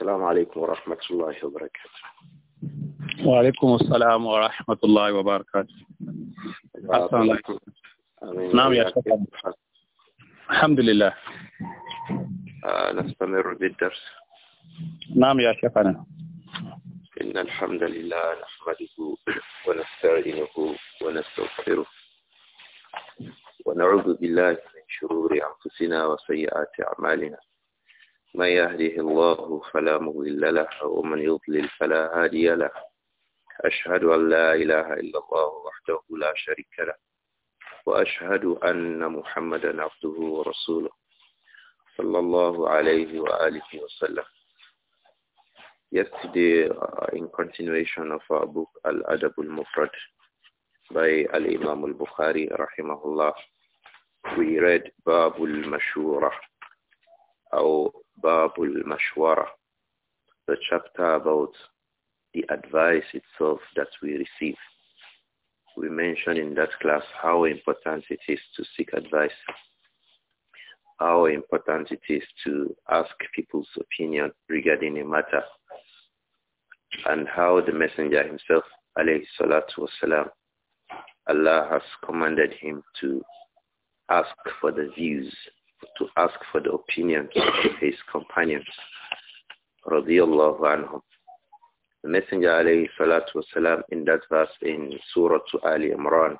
السلام عليكم ورحمة الله وبركاته وعليكم السلام ورحمة الله وبركاته السلام عليكم نعم يا شيخ الحمد لله آه، نستمر بالدرس نعم يا شيخنا إن الحمد لله نحمده ونستعينه ونستغفره ونعوذ بالله من شرور أنفسنا وسيئات أعمالنا من يهده الله فلا مضل له ومن يضلل فلا هادي له أشهد أن لا إله إلا الله وحده لا شريك له وأشهد أن محمدا عبده ورسوله صلى الله عليه وآله وسلم Yesterday, uh, in continuation of our book Al-Adab al-Mufrad by Al-Imam al-Bukhari, rahimahullah, we read Babul Mashurah, أو باب mashwara, the chapter about the advice itself that we receive. We mentioned in that class how important it is to seek advice, how important it is to ask people's opinion regarding a matter, and how the messenger himself, alayhi salatu wasalam, Allah has commanded him to ask for the views to ask for the opinions of his companions. anhum. The Messenger alayhi salatu wasalam in that verse in Surah to Ali Imran,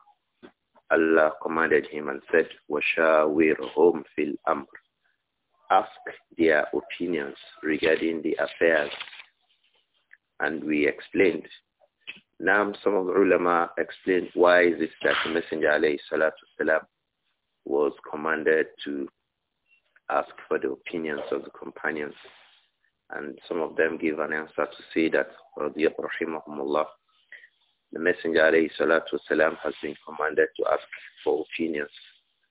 Allah commanded him and said, "Washawirhum fil amr. Ask their opinions regarding the affairs. And we explained. Now some of the ulama explained why is it that the Messenger alayhi salatu wasalam was commanded to ask for the opinions of the companions. And some of them give an answer to say that, the Messenger والسلام, has been commanded to ask for opinions,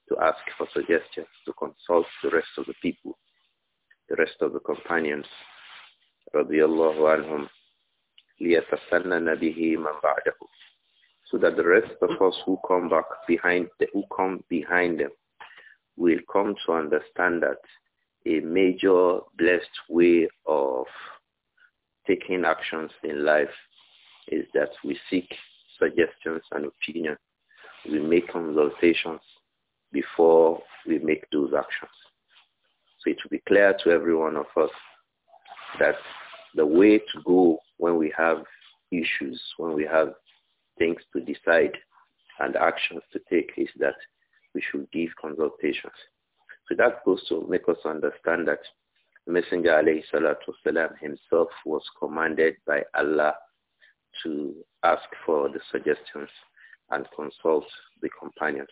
to ask for suggestions, to consult the rest of the people, the rest of the companions, radiallahu مَنْ بَعْدَهُ So that the rest of us who come back behind, who come behind them, will come to understand that a major blessed way of taking actions in life is that we seek suggestions and opinions. We make consultations before we make those actions. So it will be clear to every one of us that the way to go when we have issues, when we have things to decide and actions to take is that we should give consultations. So that goes to make us understand that Messenger alayhi salatu wasalam himself was commanded by Allah to ask for the suggestions and consult the companions.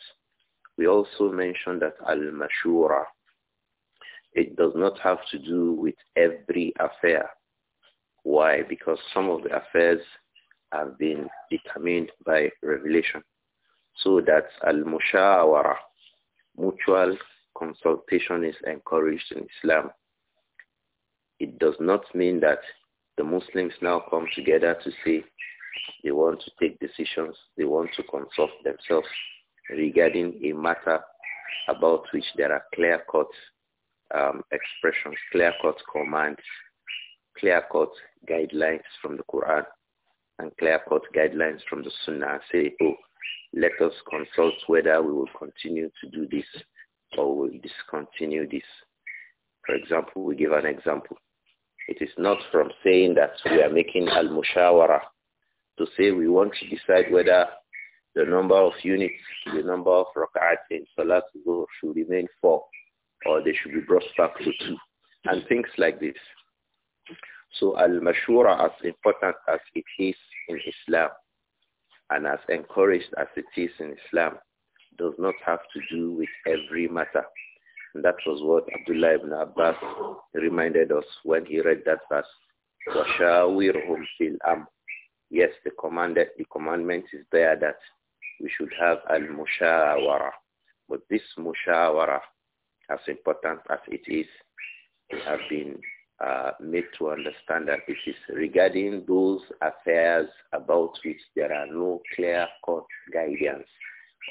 We also mentioned that al-mashura, it does not have to do with every affair. Why? Because some of the affairs have been determined by revelation. So that al-mushawara, mutual consultation is encouraged in Islam. It does not mean that the Muslims now come together to say they want to take decisions, they want to consult themselves regarding a matter about which there are clear-cut um, expressions, clear-cut commands, clear-cut guidelines from the Quran and clear-cut guidelines from the Sunnah say, oh, let us consult whether we will continue to do this or will discontinue this. For example, we give an example. It is not from saying that we are making al-mushawara to say we want to decide whether the number of units, the number of rak'at in Salat should remain four or they should be brought back to two and things like this. So al-mashura as important as it is in Islam and as encouraged as it is in Islam, does not have to do with every matter. And that was what Abdullah ibn Abbas reminded us when he read that verse. وَشَاوِرْهُمْ فِي Yes, the, commanded, the commandment is there that we should have al-mushawara. But this mushawara, as important as it is, we have been made uh, to understand that it is regarding those affairs about which there are no clear-cut guidance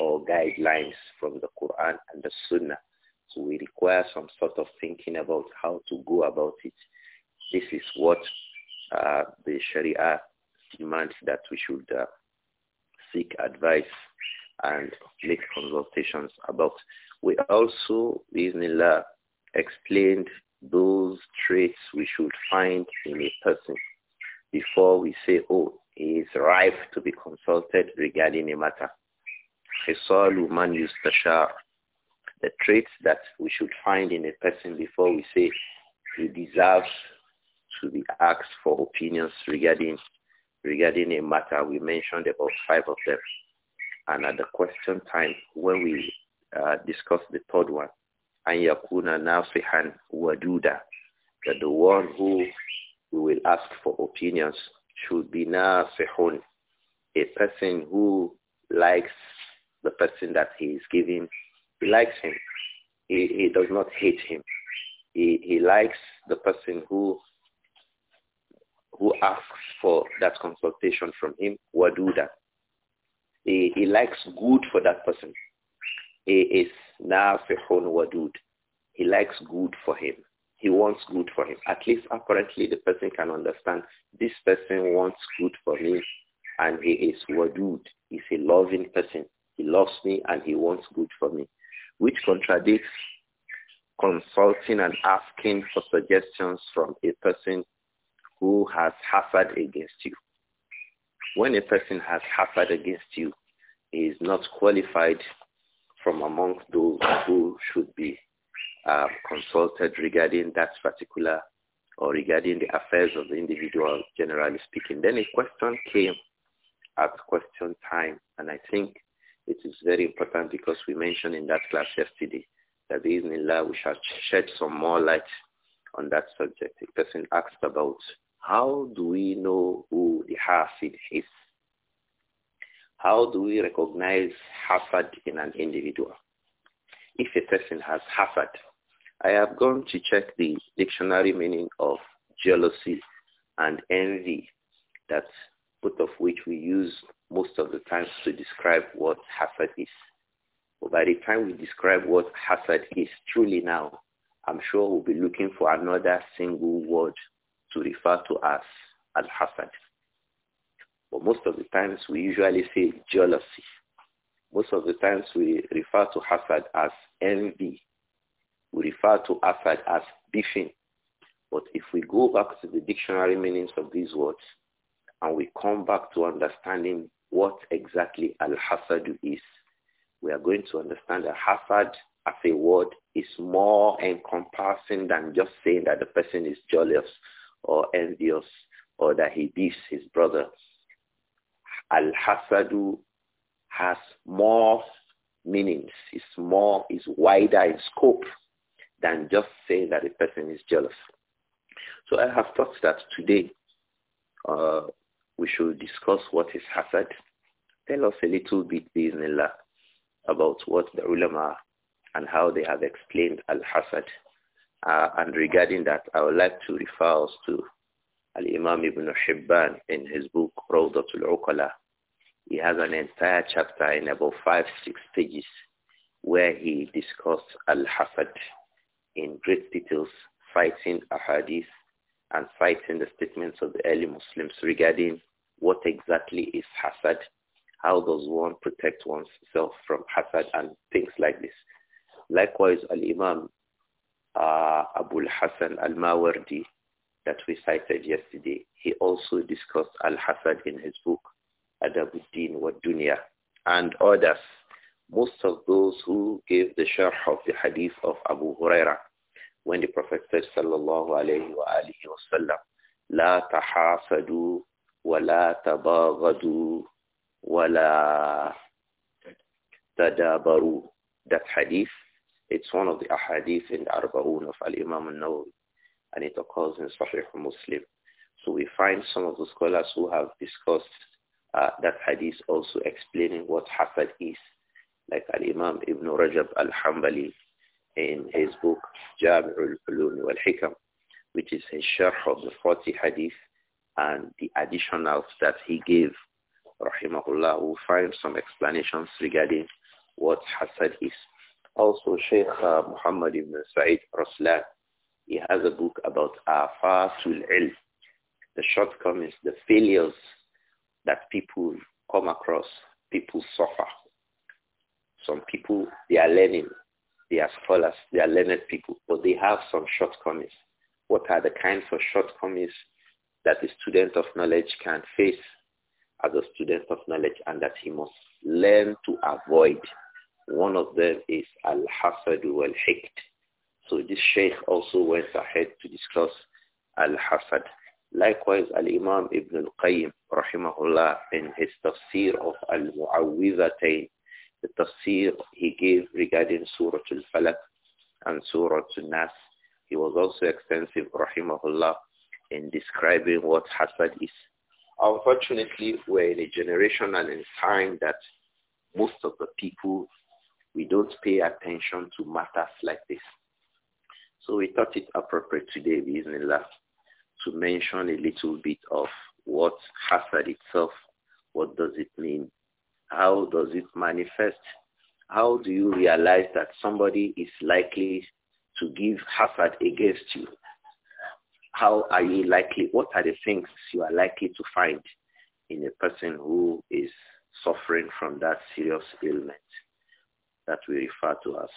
or guidelines from the Quran and the Sunnah. So we require some sort of thinking about how to go about it. This is what uh, the Sharia demands that we should uh, seek advice and make consultations about. We also, Bismillah, explained those traits we should find in a person before we say, oh, he is ripe to be consulted regarding a matter. Hisalu man use The traits that we should find in a person before we say he deserves to be asked for opinions regarding regarding a matter. We mentioned about five of them. And at the question time, when we uh, discussed the third one, an yakuna nasihan waduda, that the one who we will ask for opinions should be nasihun, a person who likes the person that he is giving. He likes him. He, he does not hate him. He, he likes the person who who asks for that consultation from him, Waduda. He, he likes good for that person. He is nafihun wadud. He likes good for him. He wants good for him. At least apparently the person can understand this person wants good for me and he is wadud. He's a loving person. He loves me and he wants good for me, which contradicts consulting and asking for suggestions from a person who has hazard against you. When a person has hazard against you, he is not qualified from amongst those who should be uh, consulted regarding that particular or regarding the affairs of the individual, generally speaking. Then a question came at question time, and I think it is very important because we mentioned in that class yesterday that in law we shall shed some more light on that subject. A person asked about how do we know who the Hasid is? How do we recognize hazard in an individual? If a person has hazard, I have gone to check the dictionary meaning of jealousy and envy, that both of which we use most of the times to describe what hazard is. But by the time we describe what hazard is truly now, I'm sure we'll be looking for another single word to refer to as al-hazard. But most of the times we usually say jealousy. Most of the times we refer to hasad as envy. We refer to hasad as beefing. But if we go back to the dictionary meanings of these words and we come back to understanding what exactly al-hasad is, we are going to understand that hasad as a word is more encompassing than just saying that the person is jealous or envious or that he beats his brothers. Al-hasadu has more meanings. It's more, is wider in scope than just saying that a person is jealous. So I have thought that today uh, we should discuss what is hasad. Tell us a little bit, Bismillah, about what the ulama and how they have explained al-hasad. Uh, and regarding that, I would like to refer us to Al-Imam Ibn Hibban in his book Rawdatul Uqala, he has an entire chapter in about five, six pages where he discusses Al-Hasad in great details, citing ahadith and citing the statements of the early Muslims regarding what exactly is Hasad, how does one protect oneself from Hasad and things like this. Likewise, Al-Imam uh, Abu al Hasan al-Mawardi that we cited yesterday, he also discussed Al-Hasad in his book, Adabuddin wa Dunya, and others. Most of those who gave the sharh of the hadith of Abu Huraira, when the Prophet said, sallallahu alayhi wa alihi wa sallam, لا تحاسدوا ولا تباغضوا ولا تدابروا. That hadith, it's one of the ahadith in the Arba'un of Al-Imam al-Nawawi and it occurs in Sahih Muslim. So we find some of the scholars who have discussed uh, that hadith also explaining what hasad is, like Al-Imam Ibn Rajab Al-Hambali in his book Jami'ul Ulum Wal-Hikam, which is his sharh of the 40 hadith and the additionals that he gave, rahimahullah, We find some explanations regarding what hasad is. Also, Sheikh uh, Muhammad Ibn Sa'id Raslan he has a book about afatul il the shortcomings, the failures that people come across, people suffer. Some people, they are learning, they are scholars, they are learned people, but they have some shortcomings. What are the kinds of shortcomings that a student of knowledge can face as a student of knowledge and that he must learn to avoid? One of them is al-hasad wal-hikt, so this sheikh also went ahead to discuss al-hasad. Likewise, al-Imam Ibn al-Qayyim, rahimahullah, in his tafsir of al-Mu'awwidhatayn, the tafsir he gave regarding Surah al-Falaq and Surah al-Nas, he was also extensive, rahimahullah, in describing what hasad is. Unfortunately, we're in a generation and in time that most of the people, we don't pay attention to matters like this. So we thought it appropriate today, last, to mention a little bit of what hazard itself, what does it mean, how does it manifest, how do you realize that somebody is likely to give hazard against you? How are you likely, what are the things you are likely to find in a person who is suffering from that serious ailment? that we refer to as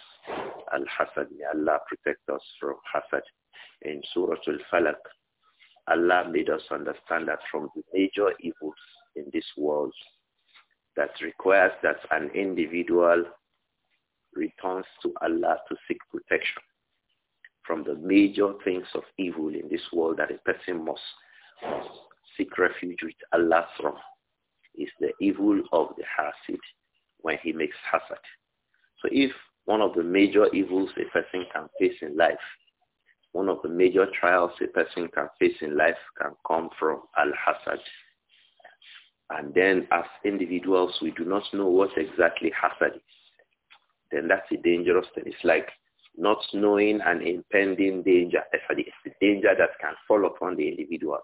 Al-Hasad. May Allah protect us from Hasad. In Surah Al-Falaq, Allah made us understand that from the major evils in this world that requires that an individual returns to Allah to seek protection from the major things of evil in this world that a person must, seek refuge with Allah from is the evil of the hasid when he makes hasad. So if one of the major evils a person can face in life, one of the major trials a person can face in life can come from al-hasad. And then as individuals, we do not know what exactly hasad is. Then that's a dangerous thing. It's like not knowing an impending danger. It's a danger that can fall upon the individual.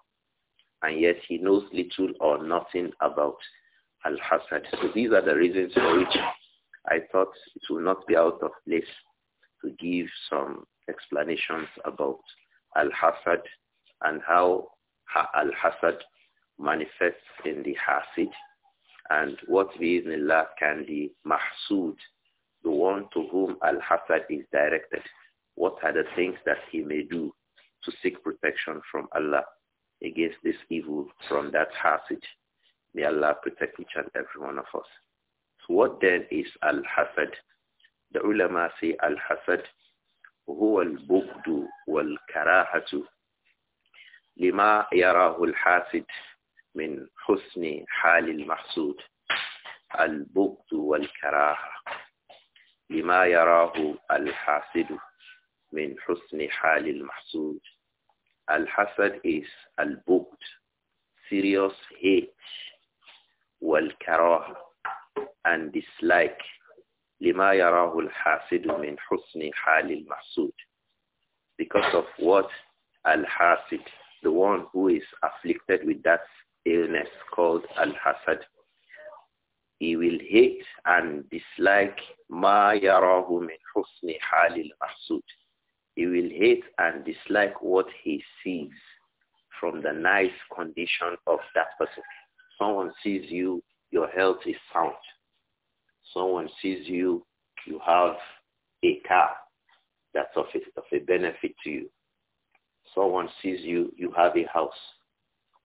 And yet he knows little or nothing about al-hasad. So these are the reasons for which I thought it would not be out of place to give some explanations about al-hasad and how al-hasad manifests in the hasid and what Allah, can be mahsud, the one to whom al-hasad is directed. What are the things that he may do to seek protection from Allah against this evil from that hasid? May Allah protect each and every one of us. What then is al-hasad? The ulama say al-hasad huwa al-bukdu wal-karahatu lima yarahu al-hasid min husni hali al-mahsud al-bukdu wal-karaha lima yarahu al-hasidu min husni hali al-mahsud al-hasad is al-bukd serious hate wal-karaha and dislike لما يراه الحاسد من حسن حال المحسود because of what al-hasid the one who is afflicted with that illness called al-hasad he will hate and dislike ma yarahu min husni halil mahsud he will hate and dislike what he sees from the nice condition of that person someone sees you your health is sound someone sees you, you have a car that's of a, of a benefit to you. Someone sees you, you have a house.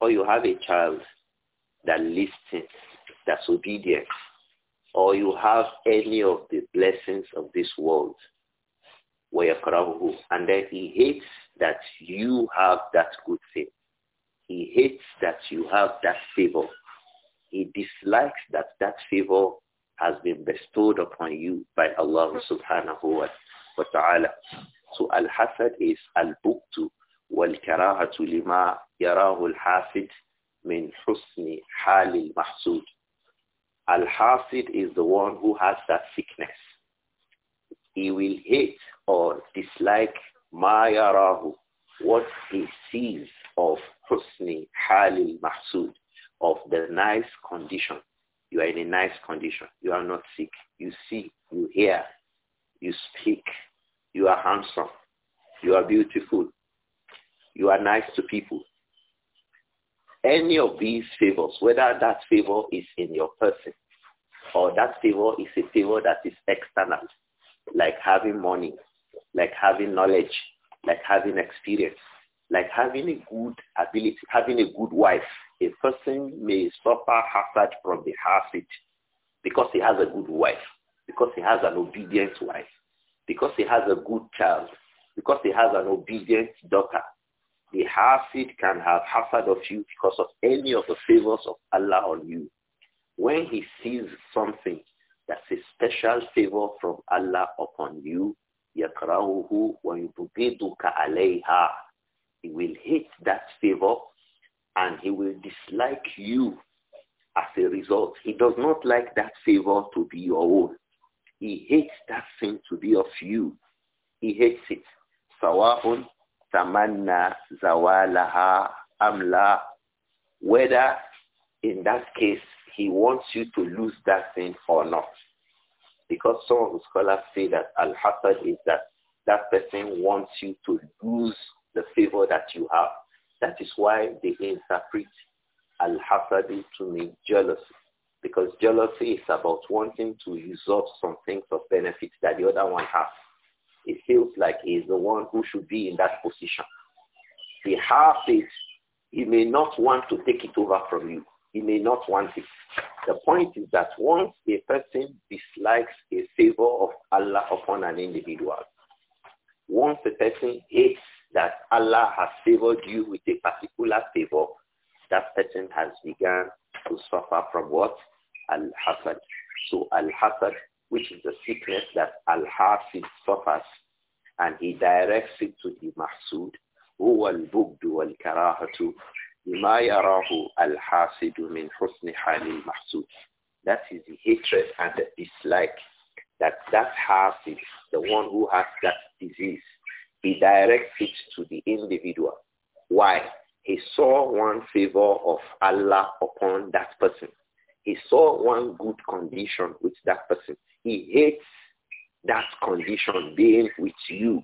Or you have a child that listens, that's obedient. Or you have any of the blessings of this world. And then he hates that you have that good thing. He hates that you have that favor. He dislikes that that favor has been bestowed upon you by Allah subhanahu wa, ta'ala. So al-hasad is al-buktu wal-karahatu lima yarahu al-hasid min husni halil mahsud. Al-hasid is the one who has that sickness. He will hate or dislike ma yarahu, what he sees of husni halil mahsud, of the nice condition you are in a nice condition. You are not sick. You see, you hear, you speak. You are handsome. You are beautiful. You are nice to people. Any of these favors, whether that favor is in your person or that favor is a favor that is external, like having money, like having knowledge, like having experience, like having a good ability, having a good wife. A person may suffer hazard from the hazard because he has a good wife, because he has an obedient wife, because he has a good child, because he has an obedient daughter. The hazard can have hazard of you because of any of the favors of Allah on you. When he sees something that's a special favor from Allah upon you, يَكْرَهُهُ وَيُبْغِضُكَ عَلَيْهَا he will hate that favor and he will dislike you as a result. He does not like that favor to be your own. He hates that thing to be of you. He hates it. Sawa'un tamanna zawalaha amla. Whether in that case he wants you to lose that thing or not. Because some of the scholars say that al-hasad is that that person wants you to lose the favor that you have. That is why they interpret al-hasadi to mean jealousy. Because jealousy is about wanting to usurp some things of benefits that the other one has. It feels like he is the one who should be in that position. He has it. He may not want to take it over from you. He may not want it. The point is that once a person dislikes a favor of Allah upon an individual, once a person hates that Allah has favored you with a particular favor, that person has begun to suffer from what? Al-Hasad. So Al-Hasad, which is the sickness that Al-Hasid suffers, and he directs it to the Mahsud, هو البغض والكراهة بما يراه الحاسد من حسن حال المحسود. That is the hatred and the dislike that that hasid, the one who has that disease, redirect it to the individual. Why? He saw one favor of Allah upon that person. He saw one good condition with that person. He hates that condition being with you.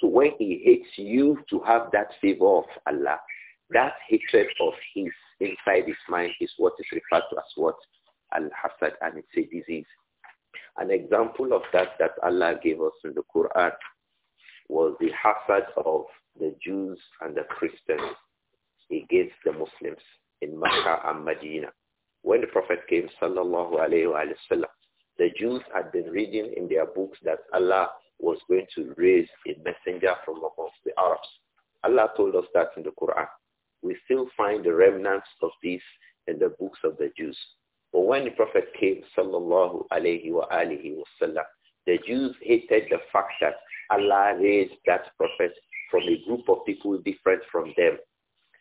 So when he hates you to have that favor of Allah, that hatred of his inside his mind is what is referred to as what? Al-Hasad, and it's a disease. An example of that that Allah gave us in the Quran was the hazard of the Jews and the Christians against the Muslims in Mecca and Medina. When the Prophet came, sallallahu alayhi wa sallam, the Jews had been reading in their books that Allah was going to raise a messenger from amongst the Arabs. Allah told us that in the Quran. We still find the remnants of this in the books of the Jews. But when the Prophet came, sallallahu alayhi wa sallam, wasallam, the Jews hated the fact that Allah raised that prophet from a group of people different from them.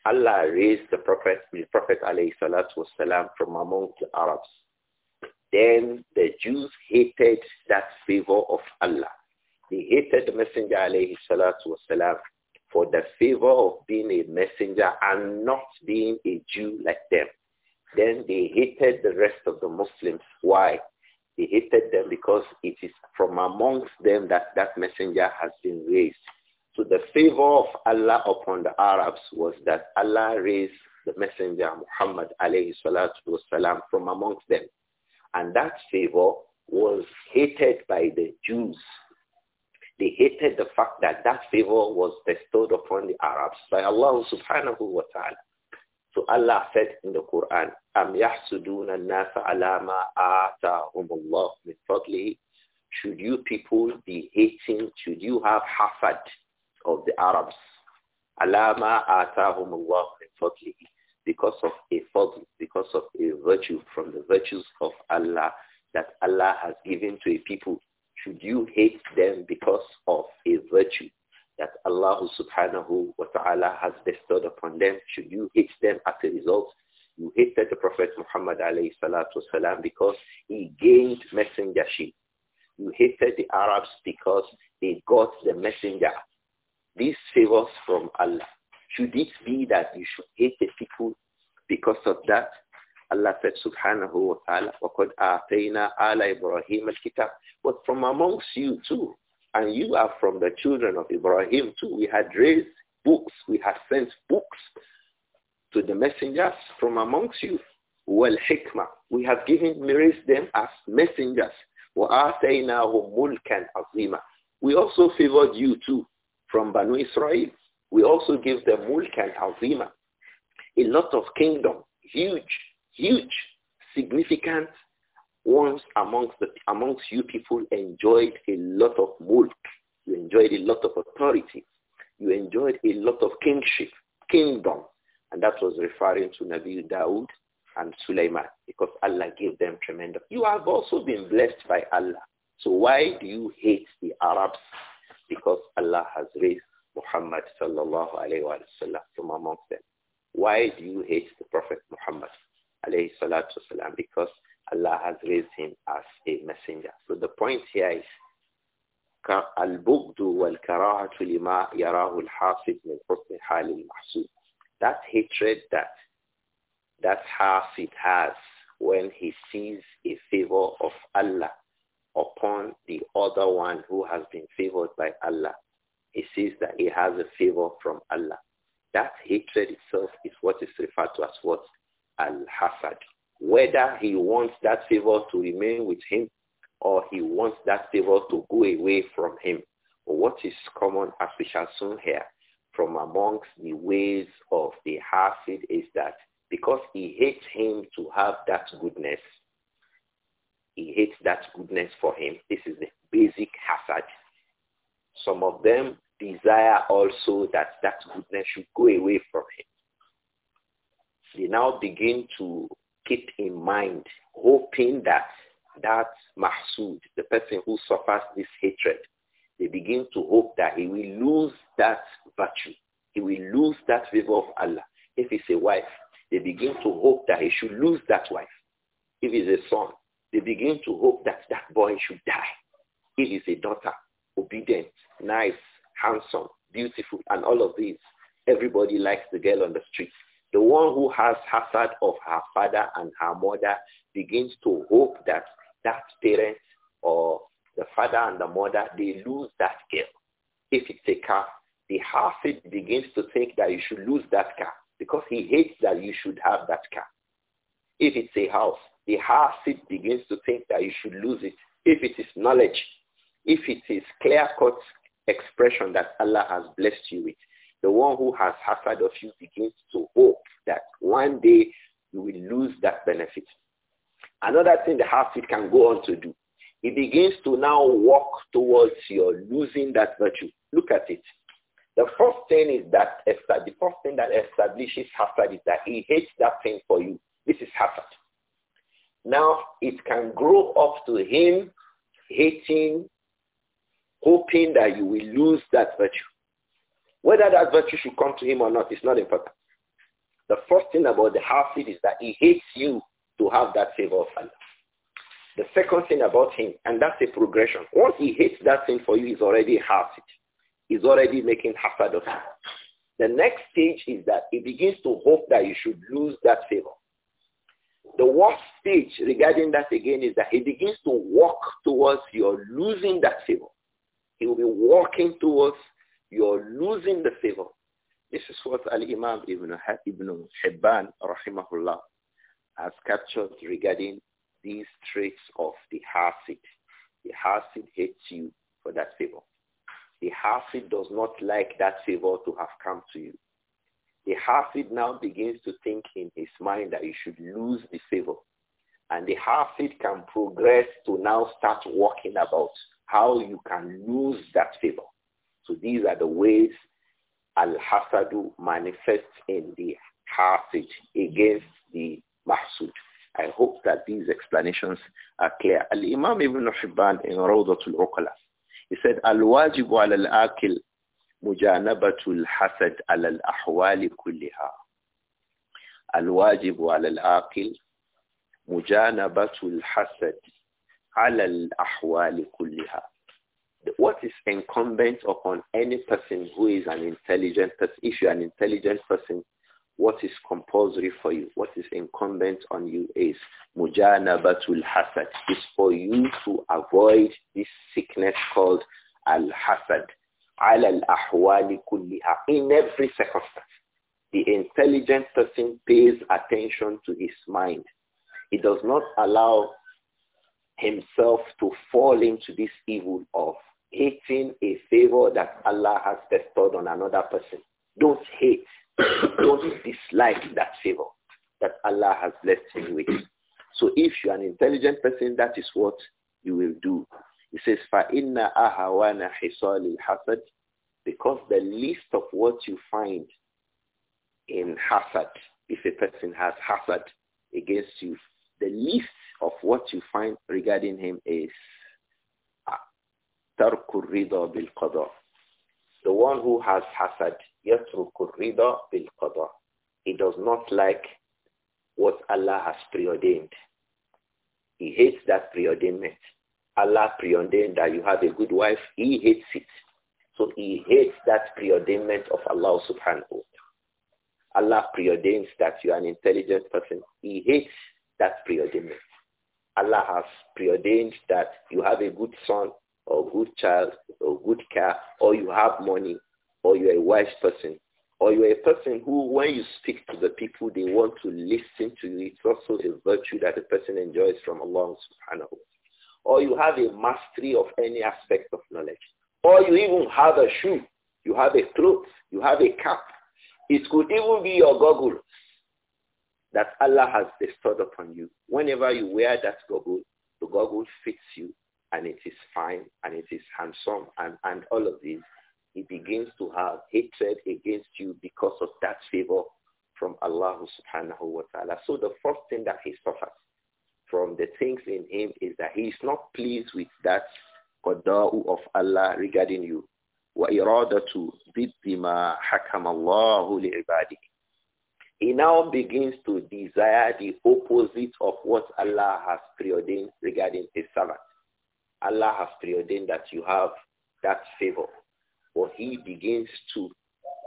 Allah raised the prophet, the prophet alayhi from among the Arabs. Then the Jews hated that favor of Allah. They hated the messenger alayhi for the favor of being a messenger and not being a Jew like them. Then they hated the rest of the Muslims. Why? He hated them because it is from amongst them that that messenger has been raised. So the favor of Allah upon the Arabs was that Allah raised the messenger Muhammad alayhi from amongst them. And that favor was hated by the Jews. They hated the fact that that favor was bestowed upon the Arabs by Allah subhanahu wa ta'ala. So Allah said in the Quran, Am yahsuduna nasa alama atahumullah min fadlihi. Should you people be hating? Should you have hafad of the Arabs? Alama atahumullah min fadlihi. Because of a fadl, because of a virtue from the virtues of Allah that Allah has given to a people. Should you hate them because of a virtue that Allah subhanahu wa ta'ala has bestowed upon them. Should you hate them as a result? You hated the Prophet Muhammad alayhi salatu because he gained messengership. You hated the Arabs because they got the messenger. These favors from Allah. Should it be that you should hate the people because of that? Allah said subhanahu wa ta'ala, وَقَدْ آتَيْنَا آلَ إِبْرَاهِيمَ الْكِتَابِ But from amongst you too, and you are from the children of Ibrahim too. We had raised books. We had sent books to the messengers from amongst you. Well, hikmah. We have given raised them as messengers. وَآتَيْنَاهُمْ مُلْكًا عَظِيمًا We also favored you too from Banu Israel. We also gave them mulkan azima, a lot of kingdom, huge, huge, significant once amongst, the, amongst you people enjoyed a lot of mulk. You enjoyed a lot of authority. You enjoyed a lot of kingship, kingdom. And that was referring to Nabi Dawood and Sulaiman because Allah gave them tremendous. You have also been blessed by Allah. So why do you hate the Arabs? Because Allah has raised Muhammad sallallahu alayhi wa sallam from amongst them. Why do you hate the Prophet Muhammad alayhi salatu wasalam? Because Allah has raised him as a messenger. So the point here is البغض والكراهة لما يراه الحاسد من حسن حال المحسود. That hatred that that hasid has when he sees a favor of Allah upon the other one who has been favored by Allah. He sees that he has a favor from Allah. That hatred itself is what is referred to as what? Al-Hasad whether he wants that favor to remain with him or he wants that favor to go away from him. What is common, as we shall soon hear, from amongst the ways of the Hasid is that because he hates him to have that goodness, he hates that goodness for him. This is the basic hazard. Some of them desire also that that goodness should go away from him. They now begin to keep in mind, hoping that that mahsud, the person who suffers this hatred, they begin to hope that he will lose that virtue. He will lose that favor of Allah. If he's a wife, they begin to hope that he should lose that wife. If he's a son, they begin to hope that that boy should die. If he's a daughter, obedient, nice, handsome, beautiful, and all of these, everybody likes the girl on the street the one who has hazard of her father and her mother begins to hope that that parent or the father and the mother, they lose that girl. If it's a car, the hazard begins to think that you should lose that car because he hates that you should have that car. If it's a house, the hazard begins to think that you should lose it. If it is knowledge, if it is clear-cut expression that Allah has blessed you with, the one who has hazard of you begins to hope that one day you will lose that benefit. Another thing the hazard can go on to do, it begins to now walk towards your losing that virtue. Look at it. The first thing is that the first thing that establishes hazard is that he hates that thing for you. This is hazard. Now it can grow up to him hating, hoping that you will lose that virtue. Whether that virtue should come to him or not is not important. The first thing about the Hafid is that he hates you to have that favor of Allah. The second thing about him, and that's a progression. Once he hates that thing for you, he's already Hafid. He's already making hasad of you. The next stage is that he begins to hope that you should lose that favor. The worst stage regarding that again is that he begins to walk towards your losing that favor. He will be walking towards you're losing the favor. This is what Al-Imam Ibn, Ibn Hibban, rahimahullah, has captured regarding these traits of the Hasid. The Hasid hates you for that favor. The Hasid does not like that favor to have come to you. The Hasid now begins to think in his mind that you should lose the favor. And the Hasid can progress to now start working about how you can lose that favor. So these are the ways al-hasadu manifests in the hasad against the mahsud. I hope that these explanations are clear. Al-Imam Ibn Hibban in Rawdatul Uqala, he said, Al-wajibu al-akil al hasad al-ahwali kulliha. Al wajibu al على العاقل al hasad al الأحوال kulliha." what is incumbent upon any person who is an intelligent person, if you're an intelligent person, what is compulsory for you, what is incumbent on you is mujanabatul hasad. It's for you to avoid this sickness called al-hasad. al kulliha. In every circumstance, the intelligent person pays attention to his mind. He does not allow himself to fall into this evil of hating a favor that Allah has bestowed on another person. Don't hate, don't dislike that favor that Allah has blessed him with. So if you're an intelligent person, that is what you will do. He says, فَإِنَّ أَهَوَانَ حِصَالِ الْحَسَدِ Because the least of what you find in hasad, if a person has hasad against you, the least of what you find regarding him is rida bil qada. The one who has hasad, yatruku rida bil qada. He does not like what Allah has preordained. He hates that preordainment. Allah preordained that you have a good wife. He hates it. So he hates that preordainment of Allah subhanahu wa ta'ala. Allah preordains that you are an intelligent person. He hates that preordainment. Allah has preordained that you have a good son or good child or good car or you have money or you're a wise person or you're a person who when you speak to the people they want to listen to you. It's also a virtue that a person enjoys from Allah subhanahu. Or you have a mastery of any aspect of knowledge. Or you even have a shoe, you have a cloth, you have a cap. It could even be your goggles that Allah has bestowed upon you. Whenever you wear that goggle, the goggle fits you and it is fine and it is handsome and, and all of this, he begins to have hatred against you because of that favor from Allah subhanahu wa ta'ala. So the first thing that he suffers from the things in him is that he is not pleased with that qada'u of Allah regarding you. وَإِرَادَةُ بِمَا حَكَمَ اللَّهُ لِعِبَادِهِ He now begins to desire the opposite of what Allah has preordained regarding his servant. Allah has preordained that you have that favor. But he begins to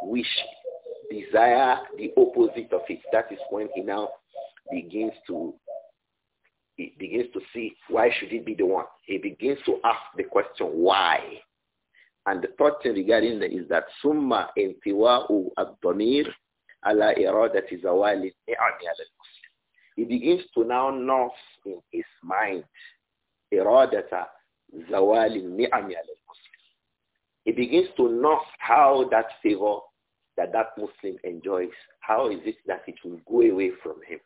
wish, desire the opposite of it. That is when he now begins to he begins to see why should it be the one. He begins to ask the question why. And the third thing regarding that is that summa intiwa'u ad-damir ala iradati zawali ni'ami ala He begins to now nurse in his mind iradata zawali begins to know how that favor that that Muslim enjoys, how is it that it will go away from him?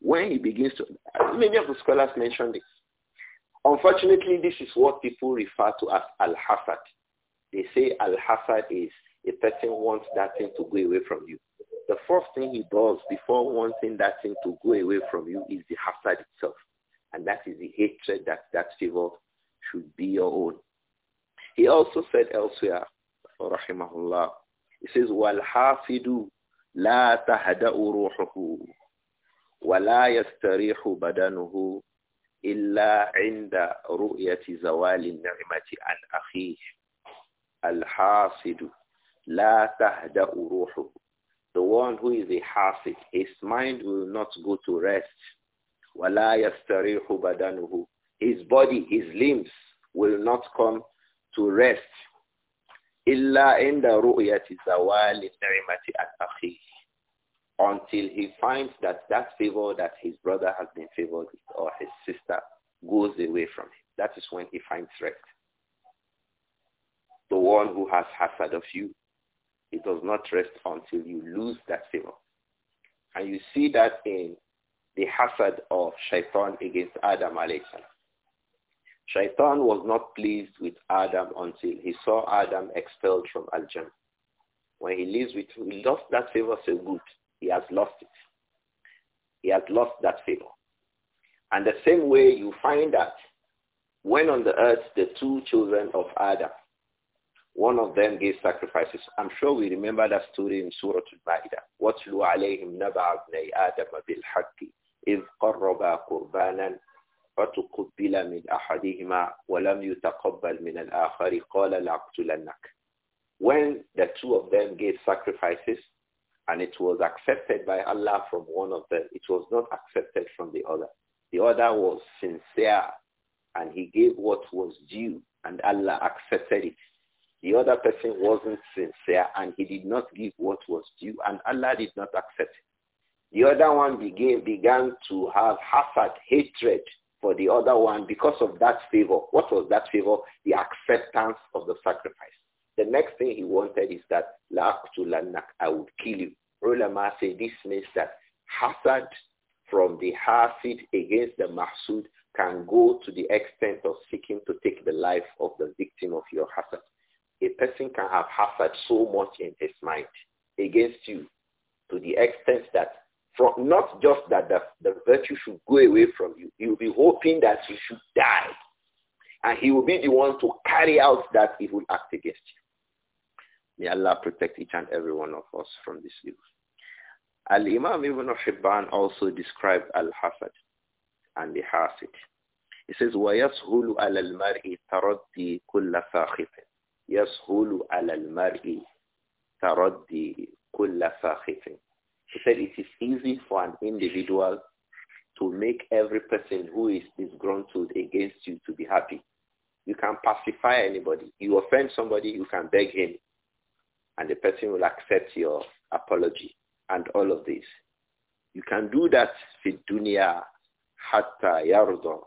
When he begins to, many of the scholars mentioned this. Unfortunately, this is what people refer to as al-hasad. They say al-hasad is a person wants that thing to go away from you. The first thing he does before wanting that thing to go away from you is the hasad itself. And that is the hatred that that favor should be your own. He also said elsewhere, rahimahullah, he says, وَالْحَافِدُ لَا تَهْدَأُ رُوحُهُ وَلَا يَسْتَرِيحُ بَدَنُهُ إِلَّا عِنْدَ رُؤْيَةِ زَوَالِ النِّعْمَةِ عَنْ أَخِيهِ الْحَافِدُ لَا تَهْدَأُ رُوحُهُ The one who is a hasid, his mind will not go to rest. وَلَا يَسْتَرِيحُ بَدَنُهُ his body, his limbs will not come to rest. Illa Until he finds that that favor that his brother has been favored with or his sister goes away from him. That is when he finds rest. The one who has hazard of you, it does not rest until you lose that favor. And you see that in the hazard of shaitan against Adam alayhi salam. Shaitan was not pleased with Adam until he saw Adam expelled from Al-Jannah. When he lives with him, he lost that favor so good. He has lost it. He has lost that favor. And the same way you find that when on the earth the two children of Adam, one of them gave sacrifices. I'm sure we remember that story in Surah Al-Ma'idah. وَاتْلُوا عَلَيْهِمْ نَبَعَ آدَمَ بِالْحَقِّ إِذْ قَرَّبَا قُرْبَانًا فتقبل من أحدهما ولم يتقبل من الآخر قال لأقتلنك When the two of them gave sacrifices and it was accepted by Allah from one of them, it was not accepted from the other. The other was sincere and he gave what was due and Allah accepted it. The other person wasn't sincere and he did not give what was due and Allah did not accept it. The other one began, began to have hatred, hatred for the other one because of that favor. What was that favor? The acceptance of the sacrifice. The next thing he wanted is that لَأَقْتُلَنَّكَ I would kill you. Rulama said this means that hazard from the hasid against the mahsud can go to the extent of seeking to take the life of the victim of your hazard. A person can have hazard so much in his mind against you to the extent that from, not just that the, the virtue should go away from you. You'll be hoping that you should die. And he will be the one to carry out that evil act against you. May Allah protect each and every one of us from this evil. Al-Imam Ibn Hibban also described Al-Hasad and the Hasid. He says, وَيَسْهُلُ عَلَى الْمَرْءِ تَرَدِّي كُلَّ سَاخِفٍ يَسْهُلُ عَلَى الْمَرْءِ تَرَدِّي كُلَّ سَاخِفٍ he said it is easy for an individual to make every person who is disgruntled against you to be happy. You can pacify anybody. You offend somebody, you can beg him, and the person will accept your apology and all of this. You can do that في dunya hatta yarda.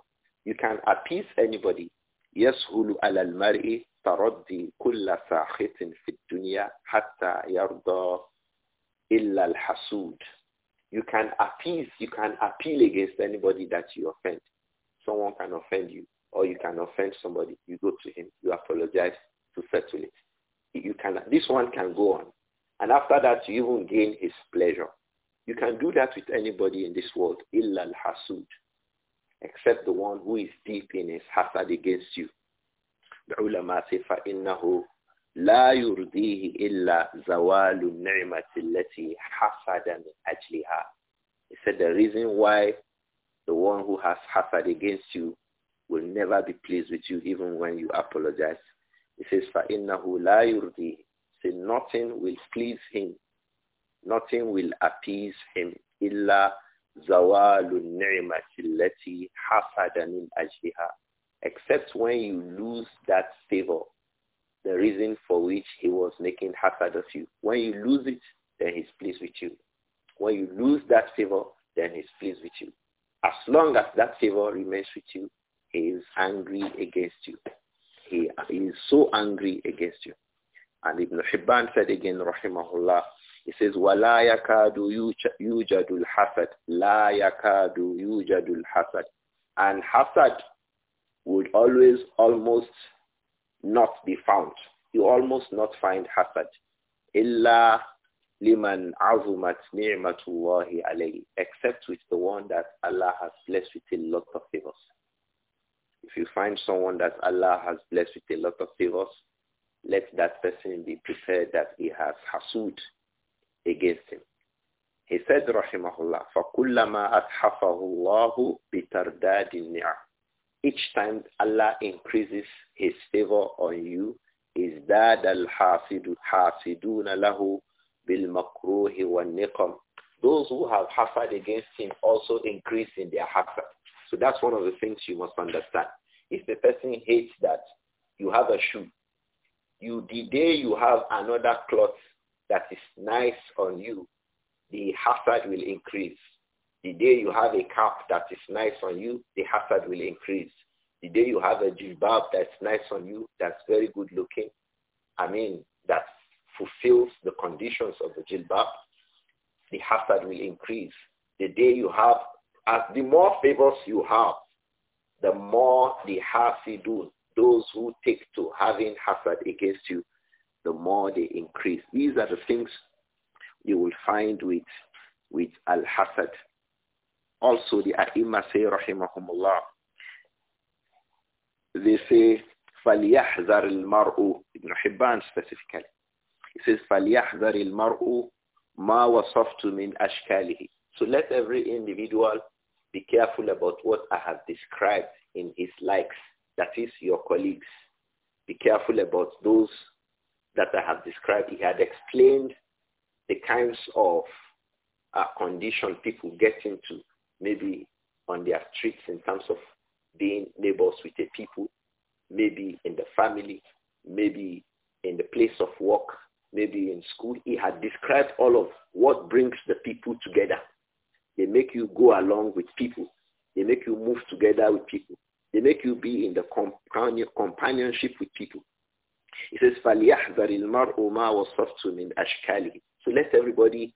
You can appease anybody. يسهل al المرء تردي كل ساخط في dunya hatta يرضى illa al-hasud. You can appease, you can appeal against anybody that you offend. Someone can offend you or you can offend somebody. You go to him, you apologize to settle it. You can, this one can go on. And after that, you even gain his pleasure. You can do that with anybody in this world, illa al-hasud, except the one who is deep in his hasad against you. The ulama say, لا يرضيه إلا زوال النعمة التي حسد من أجلها. He said the reason why the one who has hasad against you will never be pleased with you even when you apologize. He says, فَإِنَّهُ لَا يُرْضِيهِ Say nothing will please him. Nothing will appease him. إِلَّا زَوَالُ النِّعْمَةِ الَّتِي حَسَدَ مِنْ أَجْلِهَا Except when you lose that favor the reason for which he was making hazard of you. When you lose it, then he's pleased with you. When you lose that favor, then he's pleased with you. As long as that favor remains with you, he is angry against you. He, he is so angry against you. And Ibn Hibban said again, rahimahullah, he says, وَلَا يَكَادُ يُوجَدُ الْحَسَدُ لَا يَكَادُ يُوجَدُ الْحَسَدُ And hasad would always almost not be found. You almost not find hasad. Illa liman azumat ni'matullahi alayhi. Except with the one that Allah has blessed with a lot of favors. If you find someone that Allah has blessed with a lot of favors, let that person be prepared that he has hasud against him. He said, rahimahullah, فَكُلَّمَا أَتْحَفَهُ اللَّهُ بِتَرْدَادِ النِّعَمِ each time Allah increases his favor on you, ازداد الحافد حافدون له wa والنقم. Those who have hafad against him also increase in their hafad. So that's one of the things you must understand. If the person hates that you have a shoe, you the day you have another cloth that is nice on you, the hatred will increase. The day you have a cap that is nice on you, the hazard will increase. The day you have a jibab that's nice on you, that's very good looking, I mean, that fulfills the conditions of the jibab, the hazard will increase. The day you have, as the more favors you have, the more the hasidun, those who take to having hazard against you, the more they increase. These are the things you will find with with al-hasad. Also, the A'imma say, rahimahumullah, they say, فَلْيَحْذَرِ الْمَرْءُ Ibn Hibban specifically. He says, فَلْيَحْذَرِ الْمَرْءُ مَا وَصَفْتُ مِنْ أَشْكَالِهِ So let every individual be careful about what I have described in his likes, that is your colleagues. Be careful about those that I have described. He had explained the kinds of uh, condition people get into maybe on their streets in terms of being neighbors with the people, maybe in the family, maybe in the place of work, maybe in school. He had described all of what brings the people together. They make you go along with people. They make you move together with people. They make you be in the companionship with people. He says, فَلْيَحْذَرِ الْمَرْءُ مَا وَصَفْتُ مِنْ أَشْكَالِهِ So let everybody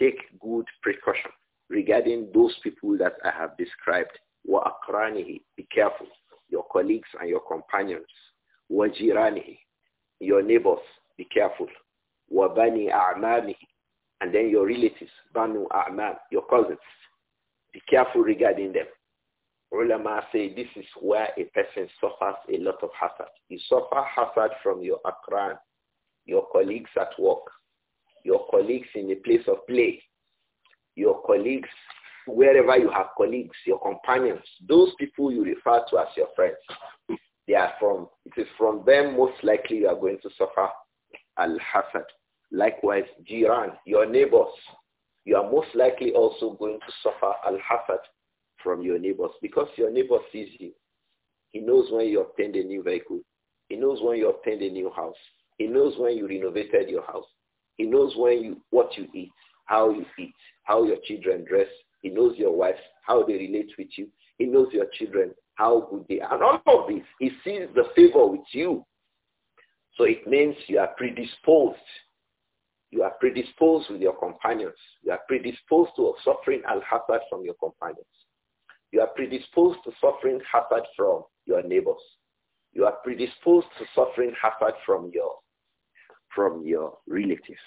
take good precaution regarding those people that I have described. وَأَقْرَانِهِ Be careful. Your colleagues and your companions. وَجِيرَانِهِ Your neighbors. Be careful. وَبَنِي أَعْمَامِهِ And then your relatives. بَنُوا أَعْمَامِ Your cousins. Be careful regarding them. Ulama say this is where a person suffers a lot of hazard. You suffer hazard from your akran, your colleagues at work, your colleagues in the place of play, your colleagues, wherever you have colleagues, your companions, those people you refer to as your friends, they are from, it is from them most likely you are going to suffer al-hasad. Likewise, jiran, your neighbors, you are most likely also going to suffer al-hasad from your neighbors because your neighbor sees you. He knows when you obtained a new vehicle. He knows when you obtained a new house. He knows when you renovated your house. He knows when you, what you eat how you eat, how your children dress. He knows your wife, how they relate with you. He knows your children, how good they are. And all of this, he sees the favor with you. So it means you are predisposed. You are predisposed with your companions. You are predisposed to suffering al-hasad from your companions. You are predisposed to suffering hasad from your neighbors. You are predisposed to suffering hasad from your, from your relatives.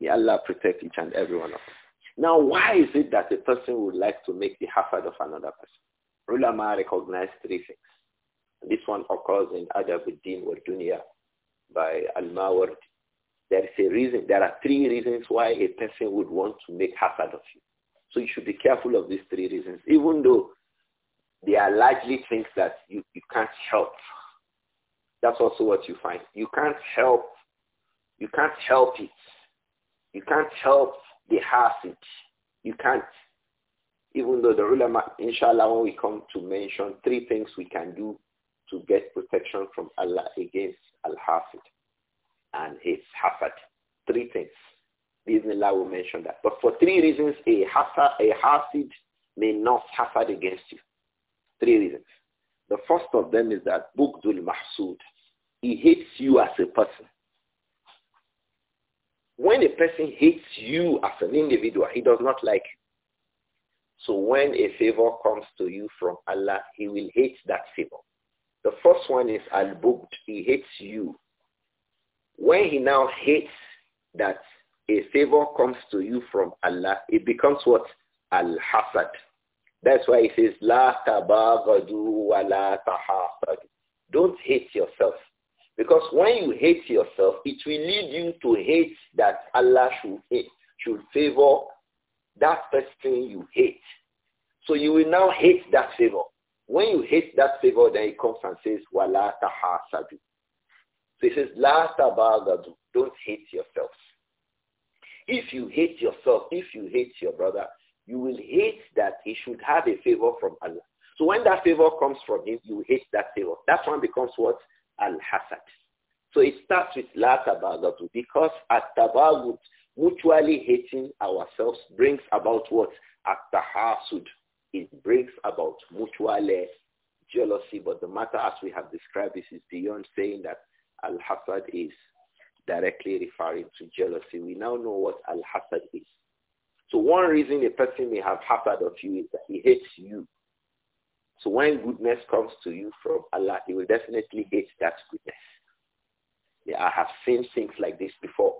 May Allah protect each and every one of us. Now, why is it that a person would like to make the hafad of another person? Ulama recognize three things. This one occurs in Adabuddin wa Dunya by Al-Mawardi. There is a reason, there are three reasons why a person would want to make hafad of you. So you should be careful of these three reasons, even though they are largely things that you, you can't help. That's also what you find. You can't help. You can't help it you can't help the hasid. You can't. Even though the ulama, inshallah, when we come to mention three things we can do to get protection from Allah against al-hasid and his hasad. Three things. Bismillah will mention that. But for three reasons, a hasad, a hasid may not hasad against you. Three reasons. The first of them is that Bugdul Mahsud. He hates you as a person. When a person hates you as an individual, he does not like you. So when a favor comes to you from Allah, he will hate that favor. The first one is al-bugd. He hates you. When he now hates that a favor comes to you from Allah, it becomes what? Al-hasad. That's why he says, la tabagadu wa la tahasad. Don't hate yourself. Because when you hate yourself, it will lead you to hate that Allah should hate, should favor that person you hate. So you will now hate that favor. When you hate that favor, then it comes and says, Wala tahasadu. So He says, La tabagadu. Don't hate yourselves. If you hate yourself, if you hate your brother, you will hate that he should have a favor from Allah. So when that favor comes from him, you hate that favor. That one becomes what? al-hasad. So it starts with la tabagatu because at-tabagut, mutually hating ourselves, brings about what? At-tahasud. It brings about mutual jealousy. But the matter as we have described this is beyond saying that al-hasad is directly referring to jealousy. We now know what al-hasad is. So one reason a person may have hasad of you is that he hates you. So when goodness comes to you from Allah, he will definitely hate that goodness. Yeah, I have seen things like this before.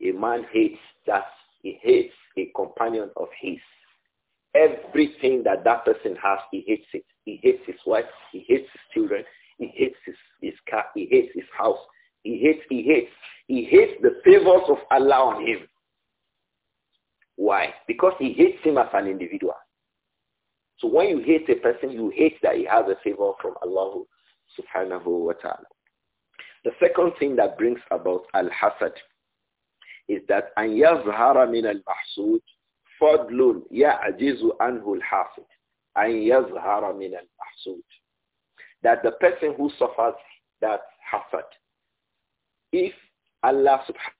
A man hates that, he hates a companion of his. Everything that that person has, he hates it. He hates his wife, he hates his children, he hates his, his car, he hates his house, he hates, he hates, he hates the favors of Allah on him. Why? Because he hates him as an individual. So when you hate a person, you hate that he has a favor from Allah subhanahu wa ta'ala. The second thing that brings about al-hasad is that أن يظهر من المحسود فضل يعجز عنه الحاسد أن يظهر من المحسود that the person who suffers that hasad if Allah subhanahu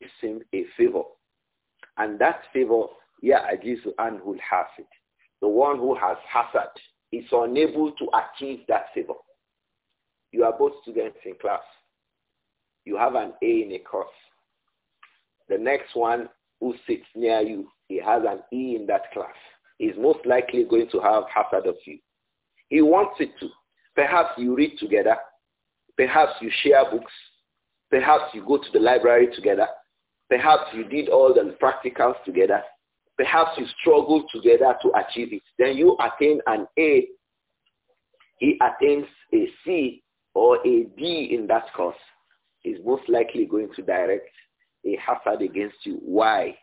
wa gives him a favor and that favor يعجز عنه الحاسد the one who has hazard is unable to achieve that favor. You are both students in class. You have an A in a course. The next one who sits near you, he has an E in that class. He's most likely going to have hazard of you. He wants it to. Perhaps you read together. Perhaps you share books. Perhaps you go to the library together. Perhaps you did all the practicals together. Perhaps you struggle together to achieve it. Then you attain an A. He attains a C or a D in that course. He's most likely going to direct a hazard against you. Why?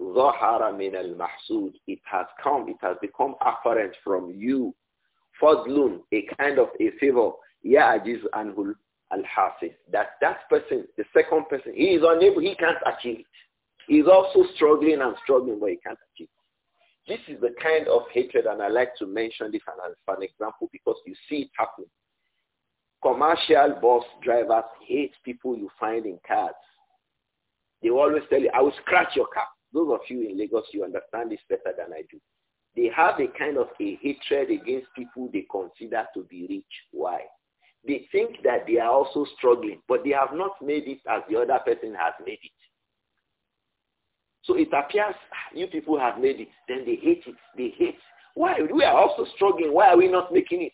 ظهر من المحسود. It has come, it has become apparent from you. Fadlun, a kind of a favor. يعجز عنه الحاسد. That that person, the second person, he is unable, he can't achieve it is also struggling and struggling, but he can't achieve. This is the kind of hatred, and I like to mention this as an example because you see it happen. Commercial bus drivers hate people you find in cars. They always tell you, I will scratch your car. Those of you in Lagos, you understand this better than I do. They have a kind of a hatred against people they consider to be rich. Why? They think that they are also struggling, but they have not made it as the other person has made it. So it appears ah, you people have made it. Then they hate it. They hate. Why? We are also struggling. Why are we not making it?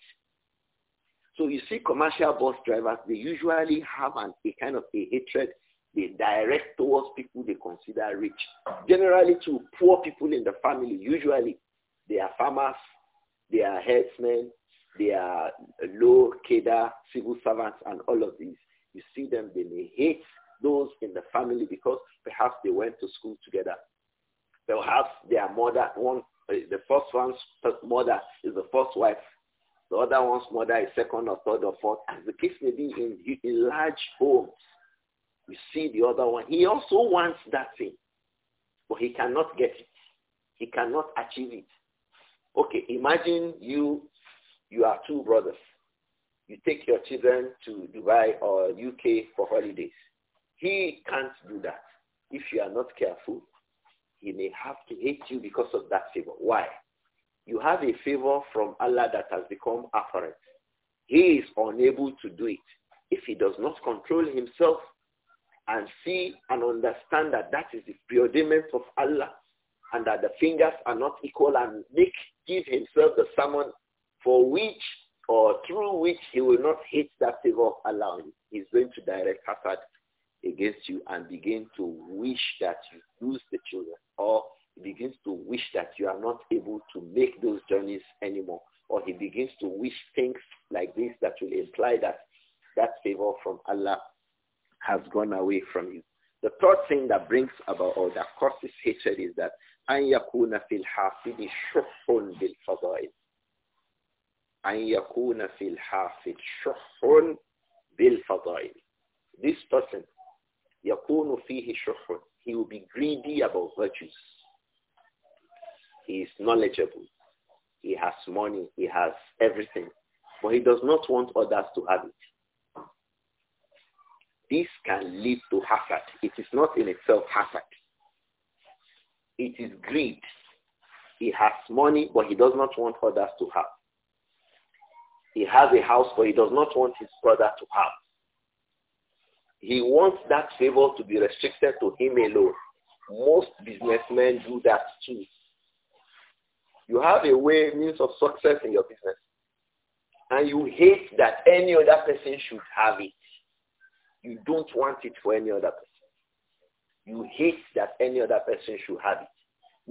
So you see commercial bus drivers, they usually have an, a kind of a hatred they direct towards people they consider rich. Generally to poor people in the family, usually they are farmers, they are herdsmen, they are low cadre, civil servants, and all of these. You see them, they may hate those in the family because perhaps they went to school together. Perhaps their mother, one, uh, the first one's mother is the first wife. The other one's mother is second or third or fourth. As the case may be in, in large homes, you see the other one. He also wants that thing, but he cannot get it. He cannot achieve it. Okay, imagine you, you are two brothers. You take your children to Dubai or UK for holidays. He can't do that. If you are not careful, he may have to hate you because of that favor. Why? You have a favor from Allah that has become apparent. He is unable to do it. If he does not control himself and see and understand that that is the preordainment of Allah and that the fingers are not equal and make, give himself the summon for which or through which he will not hate that favor of Allah. He's going to direct hazard against you and begin to wish that you lose the children or he begins to wish that you are not able to make those journeys anymore or he begins to wish things like this that will imply that that favor from Allah has gone away from you. The third thing that brings about or that causes hatred is that أن يكون في الحاسد شح بالفضائل أن يكون في الحاسد شح بالفضائل This person يَكُونُ فِيهِ He will be greedy about virtues. He is knowledgeable. He has money. He has everything. But he does not want others to have it. This can lead to hazard. It is not in itself hazard. It is greed. He has money, but he does not want others to have. He has a house, but he does not want his brother to have he wants that favor to be restricted to him alone. Most businessmen do that too. You have a way, means of success in your business. And you hate that any other person should have it. You don't want it for any other person. You hate that any other person should have it.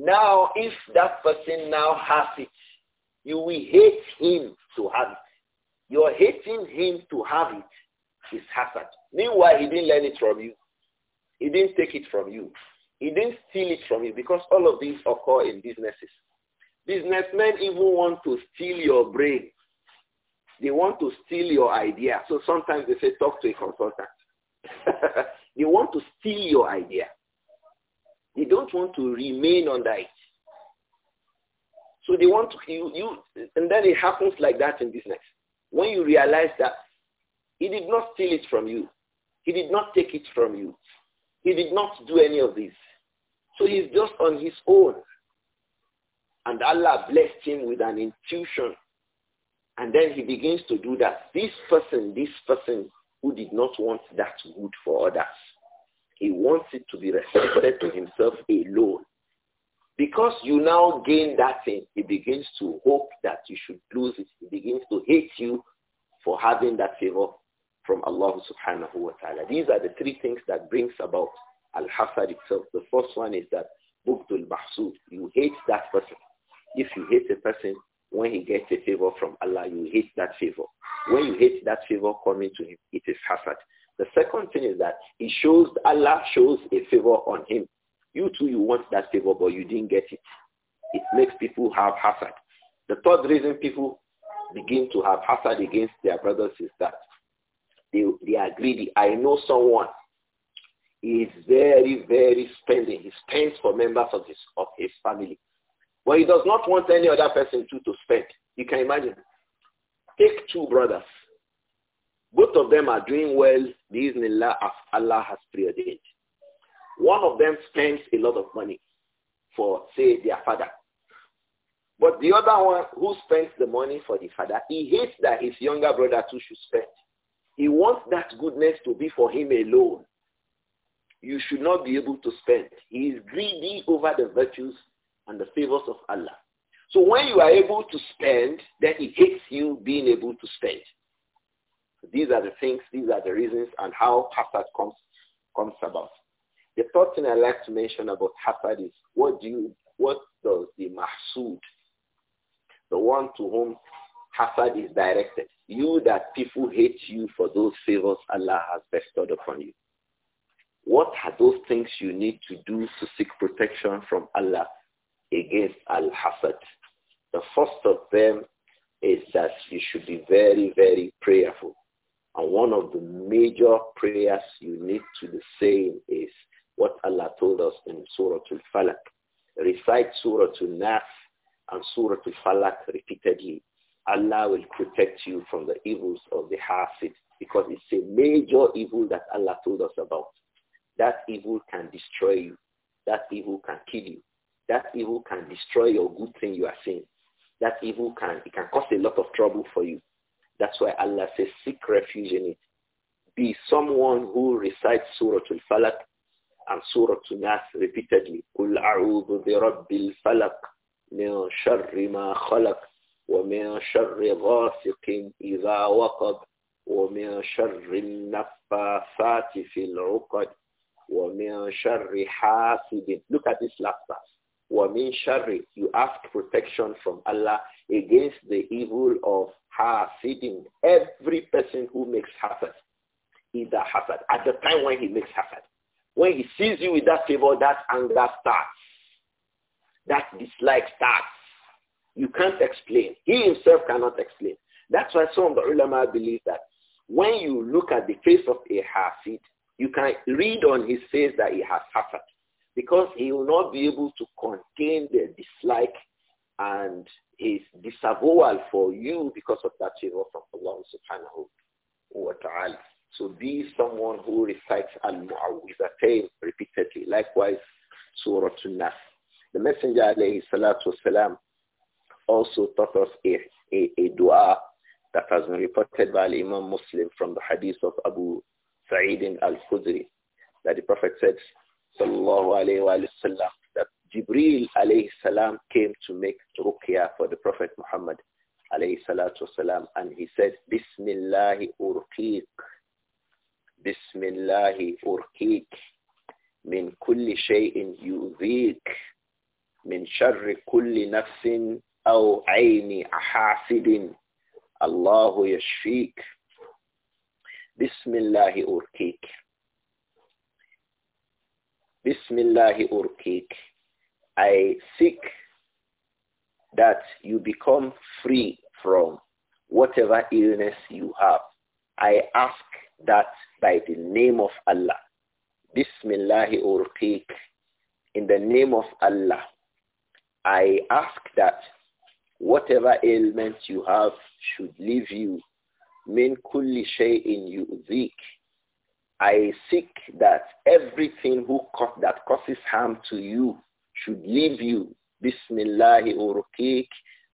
Now, if that person now has it, you will hate him to have it. You're hating him to have it is hazard. Meanwhile, he didn't learn it from you. He didn't take it from you. He didn't steal it from you because all of these occur in businesses. Businessmen even want to steal your brain. They want to steal your idea. So sometimes they say, talk to a consultant. they want to steal your idea. They don't want to remain on that. So they want to, you, you, and then it happens like that in business. When you realize that he did not steal it from you. He did not take it from you. He did not do any of this. So he's just on his own. And Allah blessed him with an intuition. And then he begins to do that. This person, this person who did not want that good for others. He wants it to be respected to himself alone. Because you now gain that thing, he begins to hope that you should lose it. He begins to hate you for having that favor from Allah subhanahu wa ta'ala. These are the three things that brings about al-hasad itself. The first one is that buktul mahsud. You hate that person. If you hate a person, when he gets a favor from Allah, you hate that favor. When you hate that favor coming to him, it is hasad. The second thing is that he shows, Allah shows a favor on him. You too, you want that favor, but you didn't get it. It makes people have hasad. The third reason people begin to have hasad against their brothers is that they, they are greedy. I know someone. is very, very spending. He spends for members of his, of his family. Well, he does not want any other person to to spend. You can imagine. Take two brothers. Both of them are doing well, Bismillah, as Allah has preordained. One of them spends a lot of money for, say, their father. But the other one who spends the money for the father, he hates that his younger brother too should spend. He wants that goodness to be for him alone. You should not be able to spend. He is greedy over the virtues and the favors of Allah. So when you are able to spend, then he hates you being able to spend. So these are the things, these are the reasons and how hasad comes, comes about. The third thing I like to mention about hasad is what do you, what does the mahsud, the one to whom hasad is directed, you that people hate you for those favors Allah has bestowed upon you. What are those things you need to do to seek protection from Allah against Al-Hasad? The first of them is that you should be very, very prayerful. And one of the major prayers you need to be saying is what Allah told us in Surah Al-Falaq. Recite Surah Al-Nas and Surah Al-Falaq repeatedly Allah will protect you from the evils of the hasid because it's a major evil that Allah told us about. That evil can destroy you. That evil can kill you. That evil can destroy your good thing you are seeing. That evil can, it can cause a lot of trouble for you. That's why Allah says seek refuge in it. Be someone who recites Surah Al-Falaq and Surah Al-Nas repeatedly. قُلْ أَعُوذُ بِرَبِّ الْفَلَقِ مِنْ شَرِّ مَا خَلَقَ ومن شر غاسق إذا وقب ومن شر النفاثات في العقد ومن شر حاسد Look at this last verse. ومن شر You ask protection from Allah against the evil of hasidin. Every person who makes hasad. a hasad. At the time when he makes hasad. When he sees you with that favor, that anger starts. That dislike starts you can't explain. He himself cannot explain. That's why some of the ulama believe that when you look at the face of a hafid, you can read on his face that he has suffered because he will not be able to contain the dislike and his disavowal for you because of that favor from Allah subhanahu wa ta'ala. So be someone who recites Al-Mu'awwizatayn repeatedly. Likewise, Surah An-Nas. The Messenger alayhi salatu wasalam also taught us a, a, a dua that has been reported by Imam Muslim from the hadith of Abu Sa'id al-Khudri that the Prophet said, Sallallahu alayhi wa sallam, that Jibril alayhi salam came to make ruqya for the Prophet Muhammad alayhi salatu wasalam, and he said, Bismillahi urqiq, Bismillahi urqiq, min kulli shay'in yuzik, min sharri kulli nafsin أو عين حاسد الله يشفيك بسم الله أركيك بسم الله أركيك I seek that you become free from whatever illness you have. I ask that by the name of Allah. Bismillahi urqiq. In the name of Allah, I ask that Whatever ailment you have should leave you. Min kulli shay'in yu'zik. I seek that everything who that causes harm to you should leave you. Bismillahi urukik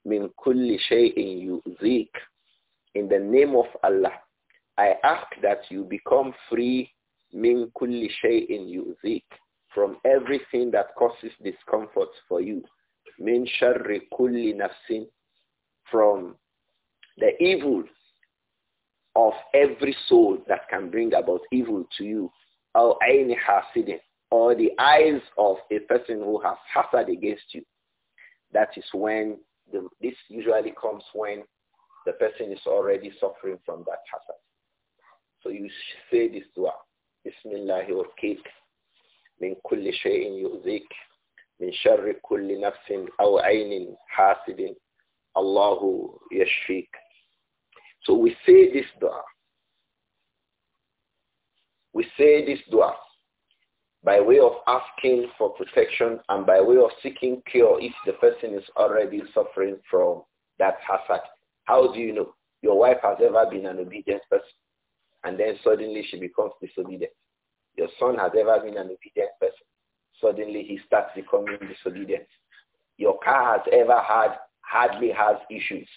min kulli shay'in yu'zik. In the name of Allah, I ask that you become free min kulli shay'in yu'zik from everything that causes discomfort for you min sharri kulli nafsin from the evil of every soul that can bring about evil to you or any hasidin or the eyes of a person who has hazard against you. That is when the, this usually comes when the person is already suffering from that hazard. So you say this dua. Bismillahirrahmanirrahim. من كل شيء يؤذيك من شر كل نفس أو عين حاسد الله يشفيك So we say this dua. We say this dua by way of asking for protection and by way of seeking cure if the person is already suffering from that hazard. How do you know? Your wife has ever been an obedient person and then suddenly she becomes disobedient. Your son has ever been an obedient person suddenly he starts becoming disobedient. Your car has ever had, hardly has issues.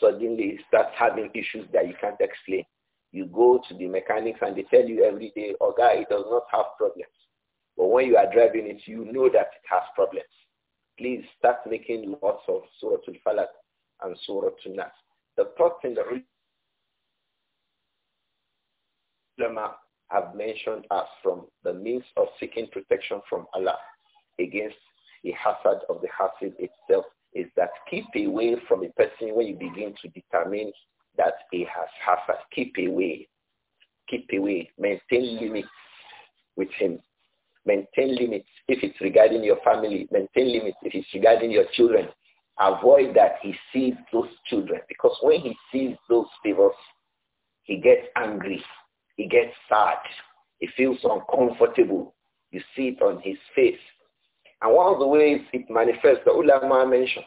Suddenly it starts having issues that you can't explain. You go to the mechanics and they tell you every day, oh guy, it does not have problems. But when you are driving it, you know that it has problems. Please start making lots of Surah to falaq and Surah nas The third thing that really have mentioned as from the means of seeking protection from Allah against the hazard of the hazard itself is that keep away from a person when you begin to determine that he has hazard. Keep away. Keep away. Maintain limits with him. Maintain limits if it's regarding your family. Maintain limits if it's regarding your children. Avoid that he sees those children because when he sees those people, he gets angry he gets sad. He feels uncomfortable. You see it on his face. And one of the ways it manifests, the ulama mentioned,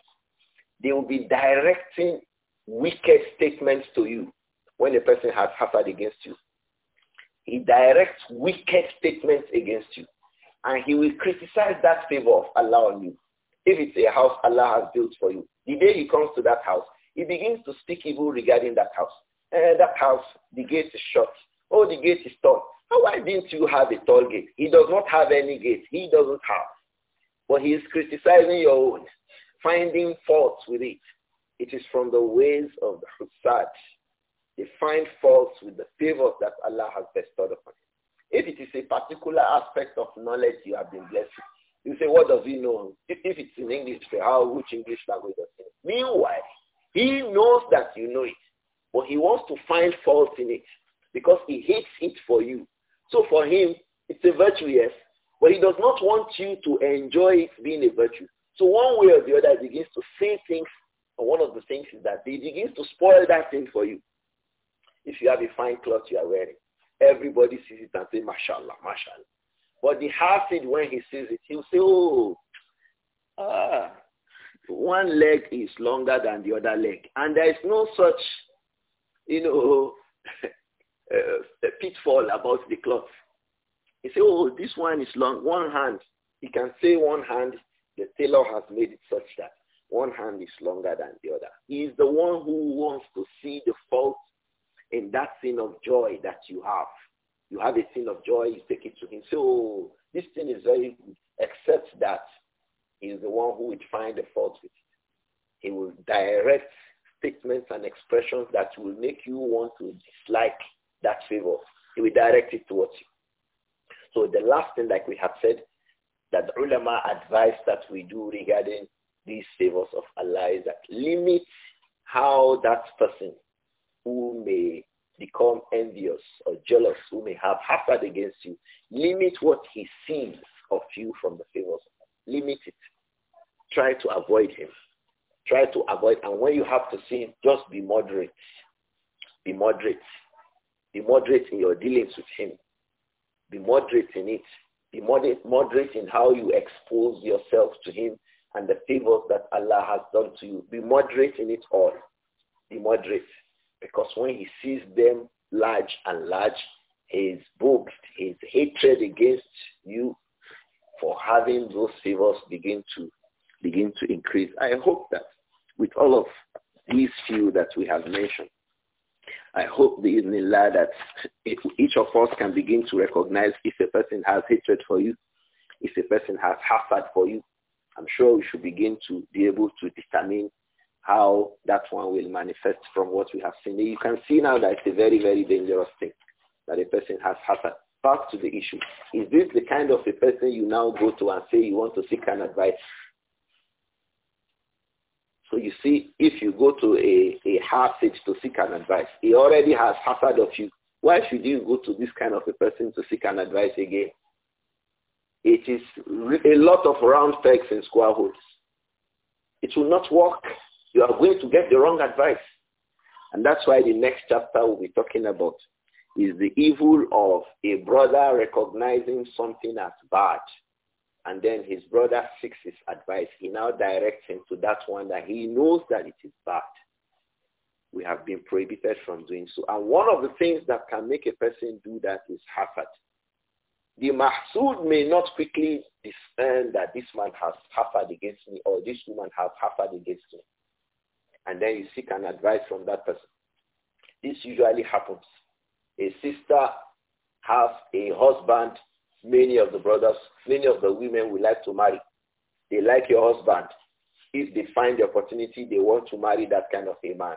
they will be directing wicked statements to you when a person has suffered against you. He directs wicked statements against you. And he will criticize that favor of Allah on you. If it's a house Allah has built for you, the day he comes to that house, he begins to speak evil regarding that house. Eh, that house, the gate is shut. Oh, the gate is tall. why didn't you have a tall gate? He does not have any gate. He doesn't have. But he is criticizing your own, finding faults with it. It is from the ways of the Hussad. They find faults with the favors that Allah has bestowed upon him. If it is a particular aspect of knowledge you have been blessed with, you say, what does he know? If, if it's in English, how, which English language does he know? Meanwhile, he knows that you know it, but he wants to find faults in it because he hates it for you. So for him, it's a virtue, yes, but he does not want you to enjoy it being a virtue. So one way or the other, he begins to say things, and one of the things is that he begins to spoil that thing for you. If you have a fine cloth you are wearing, everybody sees it and say, mashallah, mashallah. But the half it when he sees it, he'll say, oh, ah, one leg is longer than the other leg. And there is no such, you know, uh, pitfall about the cloth. He say, oh, this one is long, one hand. He can say one hand, the tailor has made it such that one hand is longer than the other. He is the one who wants to see the fault in that sin of joy that you have. You have a sin of joy, you take it to him. So oh, this thing is very good, except that he is the one who would find the fault with it. He will direct statements and expressions that will make you want to dislike that favor. He will direct it towards you. So the last thing, like we have said, that the ulama advice that we do regarding these favors of Allah is that limit how that person who may become envious or jealous, who may have hatred against you, limit what he sees of you from the favors. Limit it. Try to avoid him. Try to avoid, and when you have to see him, just be moderate. Be moderate. Be moderate in your dealings with him. Be moderate in it. Be moderate, moderate in how you expose yourself to him and the favors that Allah has done to you. Be moderate in it all. Be moderate. Because when he sees them large and large, his boast, his hatred against you for having those favors begin to begin to increase. I hope that with all of these few that we have mentioned, I hope bi'idhnillah that each of us can begin to recognize if a person has hatred for you, if a person has hatred for you. I'm sure we should begin to be able to determine how that one will manifest from what we have seen. You can see now that it's a very, very dangerous thing that a person has hatred. Back to the issue. Is this the kind of a person you now go to and say you want to seek an advice? So you see, if you go to a, a Hasid to seek an advice, he already has hazard of you. Why should you go to this kind of a person to seek an advice again? It is a lot of round pegs and square holes. It will not work. You are going to get the wrong advice. And that's why the next chapter we'll be talking about is the evil of a brother recognizing something as bad and then his brother seeks his advice, he now directs him to that one that he knows that it is bad. We have been prohibited from doing so. And one of the things that can make a person do that is hafat. The mahsud may not quickly discern that this man has hafat against me or this woman has hafat against me. And then you seek an advice from that person. This usually happens. A sister has a husband many of the brothers, many of the women would like to marry. They like your husband. If they find the opportunity, they want to marry that kind of a man.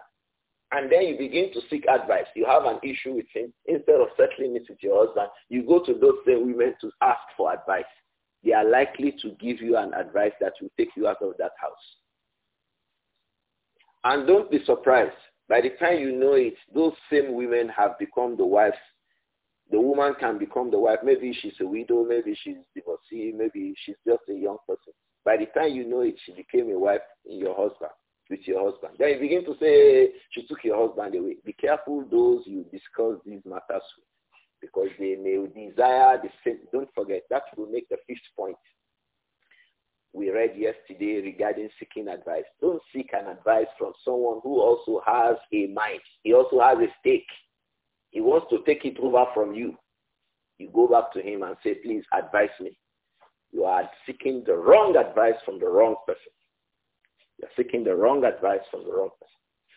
And then you begin to seek advice. You have an issue with him. Instead of settling it with your husband, you go to those same women to ask for advice. They are likely to give you an advice that will take you out of that house. And don't be surprised. By the time you know it, those same women have become the wives the woman can become the wife. Maybe she's a widow, maybe she's divorcee, maybe she's just a young person. By the time you know it, she became a wife in your husband, with your husband. Then you begin to say, she took your husband away. Be careful those you discuss these matters with because they may desire the same. Don't forget, that will make the fifth point we read yesterday regarding seeking advice. Don't seek an advice from someone who also has a mind. He also has a stake he wants to take it over from you. You go back to him and say, please advise me. You are seeking the wrong advice from the wrong person. You are seeking the wrong advice from the wrong person.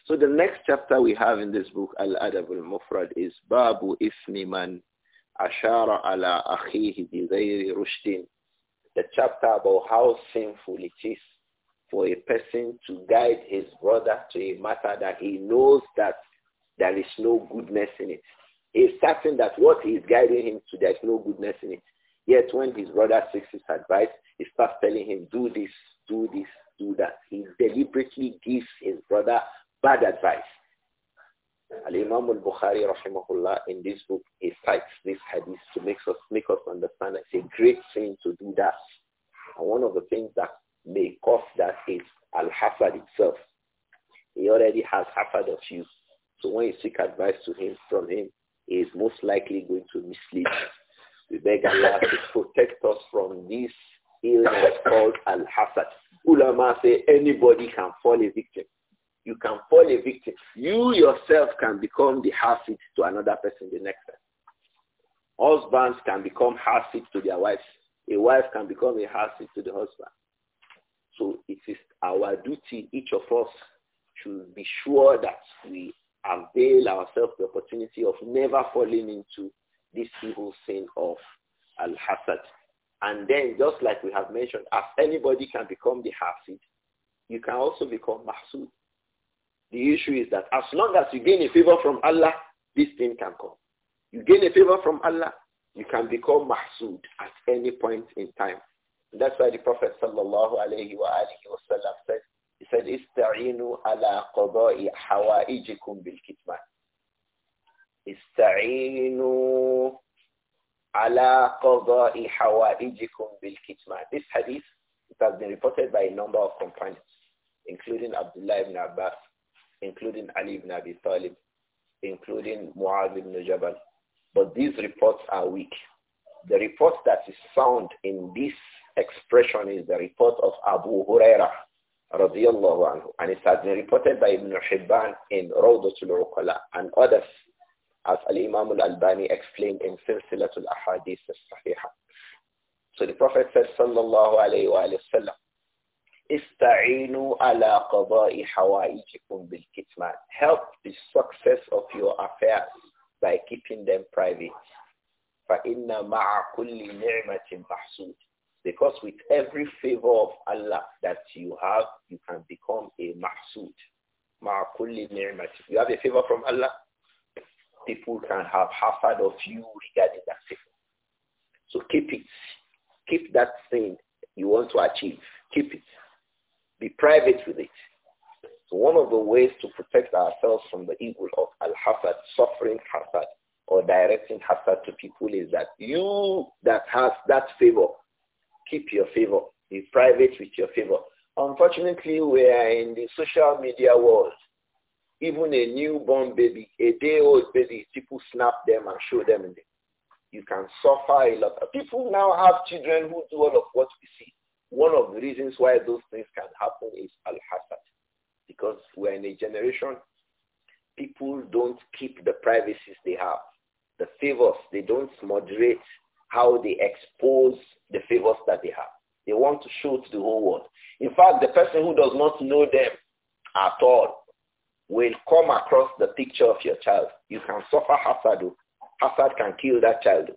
So the next chapter we have in this book, Al-Adab al-Mufrad, is Babu Ifniman Ashara ala Akhihi Bighayri Rushdin. The chapter about how sinful it is for a person to guide his brother to a matter that he knows that there is no goodness in it. He's certain that what guiding him to, there is no goodness in it. Yet when his brother seeks his advice, he starts telling him, do this, do this, do that. He deliberately gives his brother bad advice. Al-Imam al-Bukhari, rahimahullah, in this book, he cites this hadith to make us, make us understand that it's a great thing to do that. And one of the things that may cause that is al-hasad itself. He already has hasad of you. So when you seek advice to him from him, he is most likely going to mislead you. We beg Allah to protect us from this illness called al-hasad. Ulama say anybody can fall a victim. You can fall a victim. You yourself can become the hasid to another person the next time. Husbands can become hasid to their wives. A wife can become a hasid to the husband. So it is our duty, each of us, to be sure that we avail ourselves the opportunity of never falling into this evil sin of al-hasad. And then, just like we have mentioned, as anybody can become the hasid, you can also become mahsud. The issue is that as long as you gain a favor from Allah, this thing can come. You gain a favor from Allah, you can become mahsud at any point in time. And that's why the Prophet sallallahu alayhi wa alihi wa sallam said, said, عَلَى ala حَوَائِجِكُمْ بِالْكِتْمَةِ. bil kitman. Ista'inu ala qada'i This hadith, it has been reported by a number of companions, including Abdullah ibn Abbas, including Ali ibn Abi Talib, including Muadh ibn Jabal. But these reports are weak. The report that is found in this expression is the report of Abu Huraira radiallahu anhu. And it has been reported by Ibn Hibban in Rawdatul Uqala and others as Al-Imam Al-Albani explained in Silsilatul Ahadith Al-Sahihah. So the Prophet said, sallallahu alayhi wa sallam, Ista'inu ala qada'i hawaijikum bil Help the success of your affairs by keeping them private. فَإِنَّ مَعَ كُلِّ نِعْمَةٍ مَحْسُودٍ because with every favor of Allah that you have, you can become a mahsud. You have a favor from Allah, people can have hazard of you regarding that favor. So keep it. Keep that thing you want to achieve. Keep it. Be private with it. So one of the ways to protect ourselves from the evil of al-hasad, suffering hasad, or directing hazard to people is that you that has that favor, keep your favor. Be private with your favor. Unfortunately, we are in the social media world. Even a newborn baby, a day-old baby, people snap them and show them. You can suffer a lot. People now have children who do all of what we see. One of the reasons why those things can happen is al-hasad. Because we're in a generation, people don't keep the privacies they have. The favors, they don't moderate how they expose the favors that they have. They want to show to the whole world. In fact, the person who does not know them at all will come across the picture of your child. You can suffer hazard. Oh. Hazard can kill that child.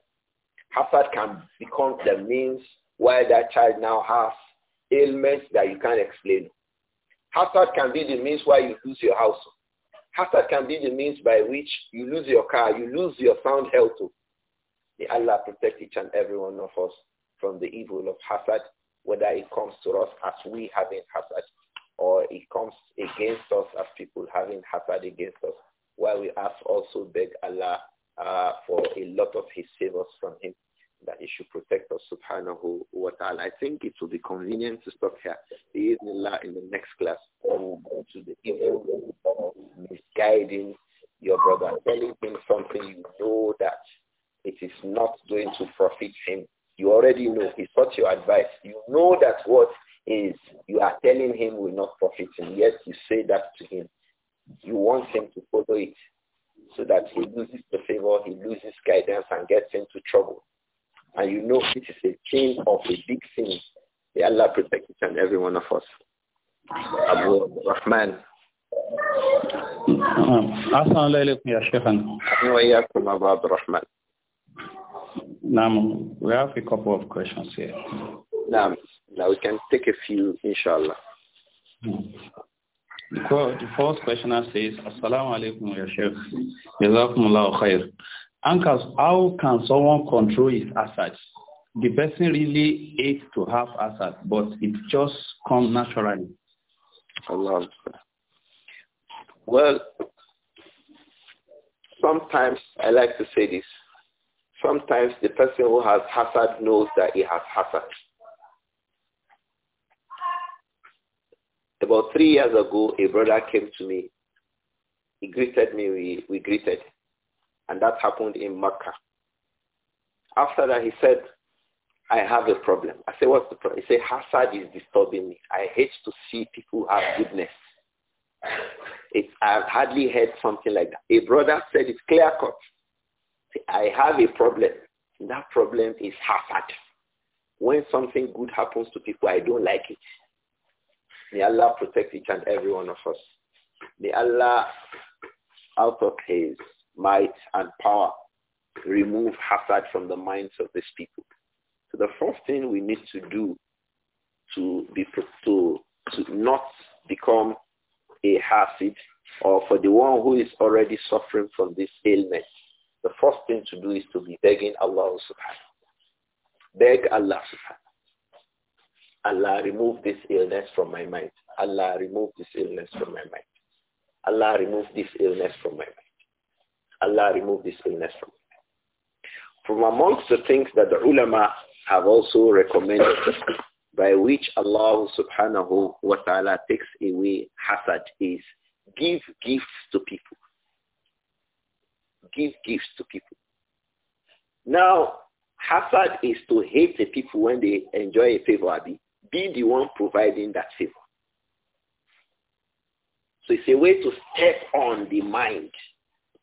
Hazard can become the means why that child now has ailments that you can't explain. Hazard can be the means why you lose your house. Hazard can be the means by which you lose your car, you lose your sound health. Oh. May Allah protect each and every one of us from the evil of hazard, whether it comes to us as we having hazard or it comes against us as people having hazard against us. While we ask also beg Allah uh, for a lot of his favors from him that he should protect us subhanahu wa ta'ala. I think it will be convenient to stop here. in the next class we will go to the evil of misguiding your brother, telling him something you know that it is not going to profit him. You already know. He sought your advice. You know that what is you are telling him will not profit him. Yet you say that to him. You want him to follow it so that he loses the favor, he loses guidance and gets into trouble. And you know it is a chain of a big sin. May Allah protect each and every one of us. Abu Rahman. أحسن الله إليكم now, we have a couple of questions here. Now, now we can take a few, inshallah. Well, hmm. the first questioner says, Assalamu alaikum, Ya Sheikh. khair. Uncles, how can someone control his assets? The person really hates to have assets, but it just comes naturally. Allah. Well, sometimes I like to say this. Sometimes the person who has hazard knows that he has hazard. About three years ago, a brother came to me. He greeted me. We, we greeted. And that happened in Makkah. After that, he said, I have a problem. I said, what's the problem? He said, hazard is disturbing me. I hate to see people have goodness. It's, I've hardly heard something like that. A brother said it's clear cut. I have a problem. That problem is hazard. When something good happens to people, I don't like it. May Allah protect each and every one of us. May Allah, out of his might and power, remove hazard from the minds of these people. So the first thing we need to do to be to, to not become a hazard or for the one who is already suffering from this ailment the first thing to do is to be begging Allah subhanahu Beg Allah subhanahu Allah remove this illness from my mind. Allah remove this illness from my mind. Allah remove this illness from my mind. Allah remove this illness from my mind. From amongst the things that the ulama have also recommended by which Allah subhanahu wa ta'ala takes away hazard is give gifts to people give gifts to people. Now, hazard is to hate the people when they enjoy a favor, Be the one providing that favor. So it's a way to step on the mind.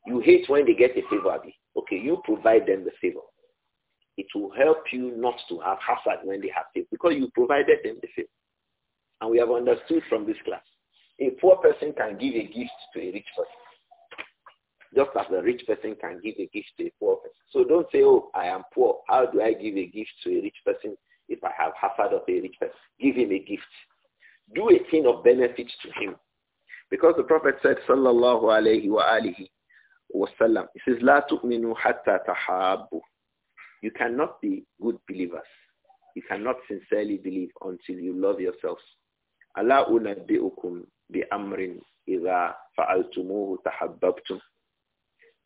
You hate when they get a favor, Okay, you provide them the favor. It will help you not to have hazard when they have favor because you provided them the favor. And we have understood from this class, a poor person can give a gift to a rich person. Just as a rich person can give a gift to a poor person. So don't say, oh, I am poor. How do I give a gift to a rich person if I have half of a rich person? Give him a gift. Do a thing of benefit to him. Because the Prophet said, sallallahu alayhi wa alihi wasallam, he says, la tu'minu hatta tahabbu. You cannot be good believers. You cannot sincerely believe until you love yourselves. Allah unabbi'ukum bi amrin idha fa'altumuhu tahabbabtum.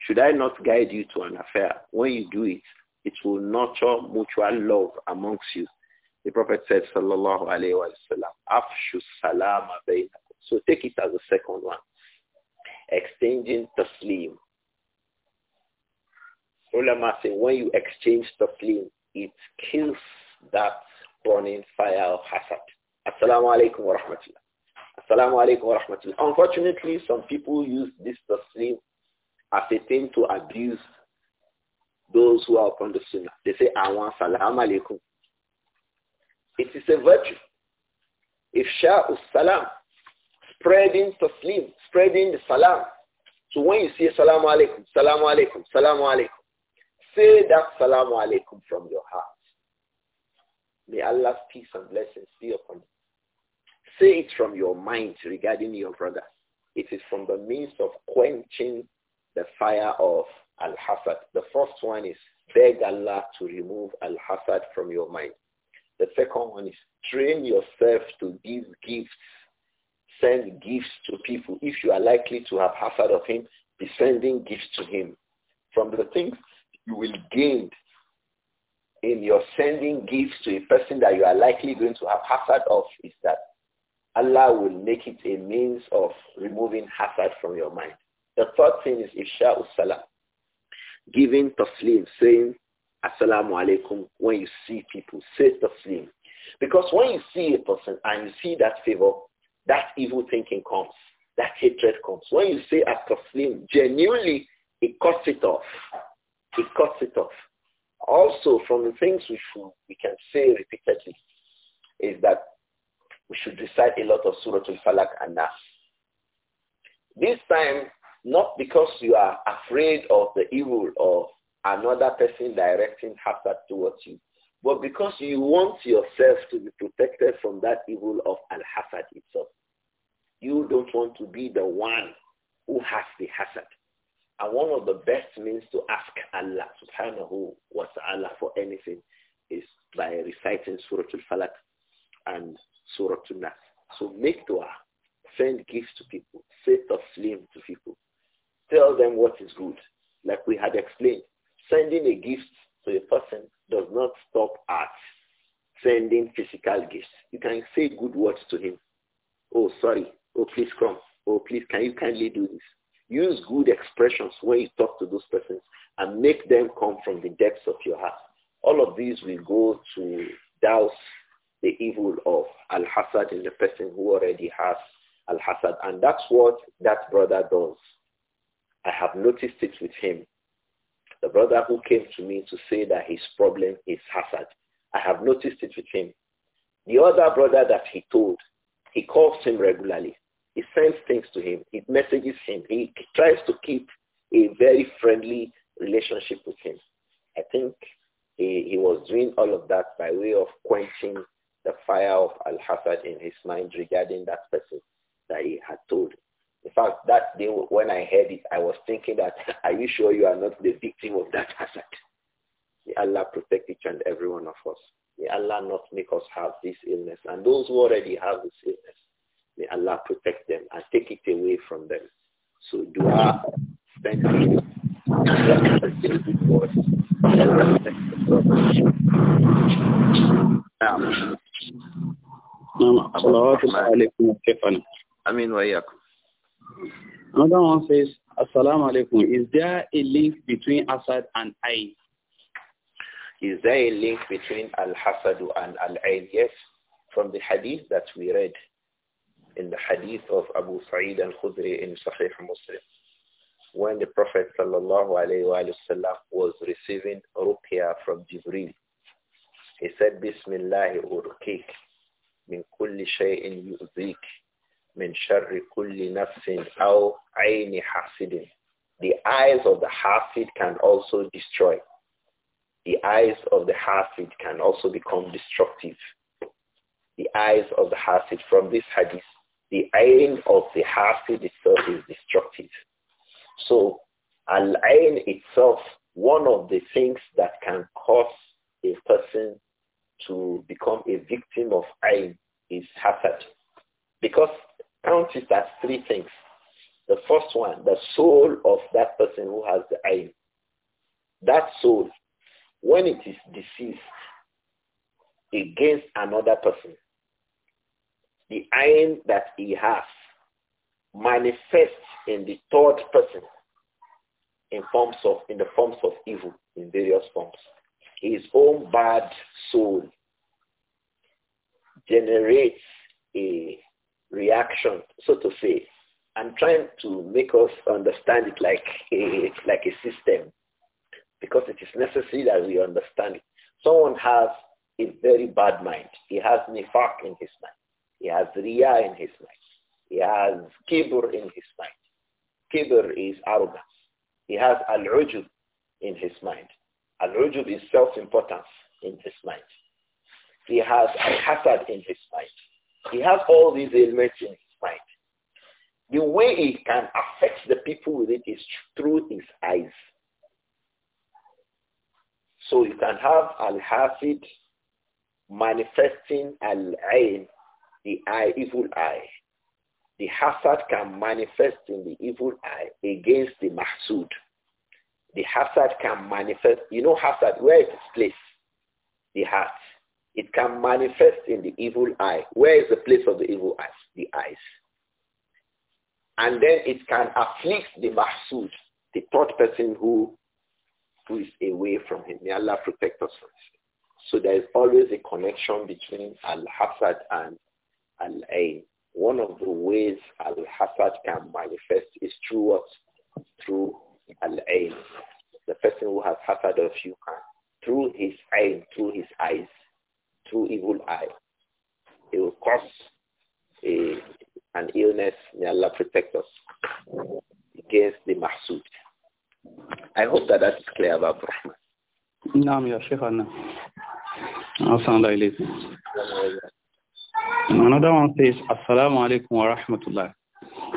Should I not guide you to an affair? When you do it, it will nurture mutual love amongst you. The Prophet said, Sallallahu Alaihi Wasallam, Afshu Salama Bainakum. So take it as a second one. Exchanging Taslim. Ulama say, when you exchange Taslim, it kills that burning fire of hazard. Assalamu alaikum wa rahmatullah. Assalamu alaikum wa rahmatullah. Unfortunately, some people use this Taslim thing to abuse those who are upon the sunnah. They say, Awan salam alaikum. It is a virtue. If Shah salam, spreading taslim, spreading the salam. So when you say salam alaikum, salam alaikum, salam alaikum, say that salam alaikum from your heart. May Allah's peace and blessings be upon you. Say it from your mind regarding your brother. It is from the means of quenching the fire of al-hasad. The first one is beg Allah to remove al-hasad from your mind. The second one is train yourself to give gifts. Send gifts to people. If you are likely to have hasad of him, be sending gifts to him. From the things you will gain in your sending gifts to a person that you are likely going to have hasad of is that Allah will make it a means of removing hasad from your mind. The third thing is Ifsha'u Salam. Giving taslim, saying Assalamu alaikum when you see people, say taslim. Because when you see a person and you see that favor, that evil thinking comes. That hatred comes. When you say as taslim, genuinely, it cuts it off. It cuts it off. Also, from the things we should, we can say repeatedly is that we should recite a lot of Surah al Falak and Nas. This time, not because you are afraid of the evil of another person directing hatred towards you, but because you want yourself to be protected from that evil of al-hasad itself. You don't want to be the one who has the hazard. And one of the best means to ask Allah subhanahu wa ta'ala for anything is by reciting Surah Al-Falaq and Surah Al-Nas. So make dua, send gifts to people, say taslim to people, Tell them what is good. Like we had explained, sending a gift to a person does not stop at sending physical gifts. You can say good words to him. Oh, sorry. Oh, please come. Oh, please, can you kindly do this? Use good expressions when you talk to those persons and make them come from the depths of your heart. All of these will go to douse the evil of al-hasad in the person who already has al-hasad. And that's what that brother does. I have noticed it with him. The brother who came to me to say that his problem is hazard. I have noticed it with him. The other brother that he told, he calls him regularly. He sends things to him. He messages him. He tries to keep a very friendly relationship with him. I think he, he was doing all of that by way of quenching the fire of Al-Hasad in his mind regarding that person that he had told. In fact, that day when I heard it, I was thinking that, are you sure you are not the victim of that hazard? May Allah protect each and every one of us. May Allah not make us have this illness. And those who already have this illness, may Allah protect them and take it away from them. So dua, thank you. صلوات Another one says, Assalamu alaikum. Is there a link between Asad and Ain? Is there a link between Al-Hasadu and Al-Ain? Yes, from the hadith that we read in the hadith of Abu Sa'id al-Khudri in Sahih Muslim. When the Prophet sallallahu was receiving ruqya from Jibril, he said, Bismillah urqik min kulli shay'in yu'zik min sharri kulli nafsin aw ayni hasidin. The eyes of the hasid can also destroy. The eyes of the hasid can also become destructive. The eyes of the hasid from this hadith, the ayn of the hasid itself is destructive. So al-ayn itself, one of the things that can cause a person to become a victim of ayn is hasad. Because Count it as three things. The first one, the soul of that person who has the aim. That soul, when it is deceased against another person, the aim that he has manifests in the third person in forms of in the forms of evil in various forms. His own bad soul generates a reaction, so to say. I'm trying to make us understand it like a, like a system because it is necessary that we understand it. Someone has a very bad mind. He has nifaq in his mind. He has riya in his mind. He has kibur in his mind. Kibur is arrogance. He has al-ujub in his mind. Al-ujub is self-importance in his mind. He has al-hasad in his mind. He has all these elements in his mind. The way he can affect the people with it is through his eyes. So you can have Al-Hafid manifesting Al-Ain, the eye, evil eye. The hazard can manifest in the evil eye against the Mahsud. The hazard can manifest, you know hazard, where it is placed? The heart it can manifest in the evil eye. Where is the place of the evil eye? The eyes. And then it can afflict the mahsud, the third person who, who is away from him. May Allah protect us from this. So there is always a connection between al-hasad and al-ain. One of the ways al-hasad can manifest is through what? Through al-ain. The person who has hasad of you can, through his ain, through his eyes, through evil eye. It will cause a, eh, an illness. May Allah protect us against the mahsud. I hope that that is clear about Brahman. نعم يا شيخنا أحسن الله Another one says, Assalamu alaikum wa rahmatullah.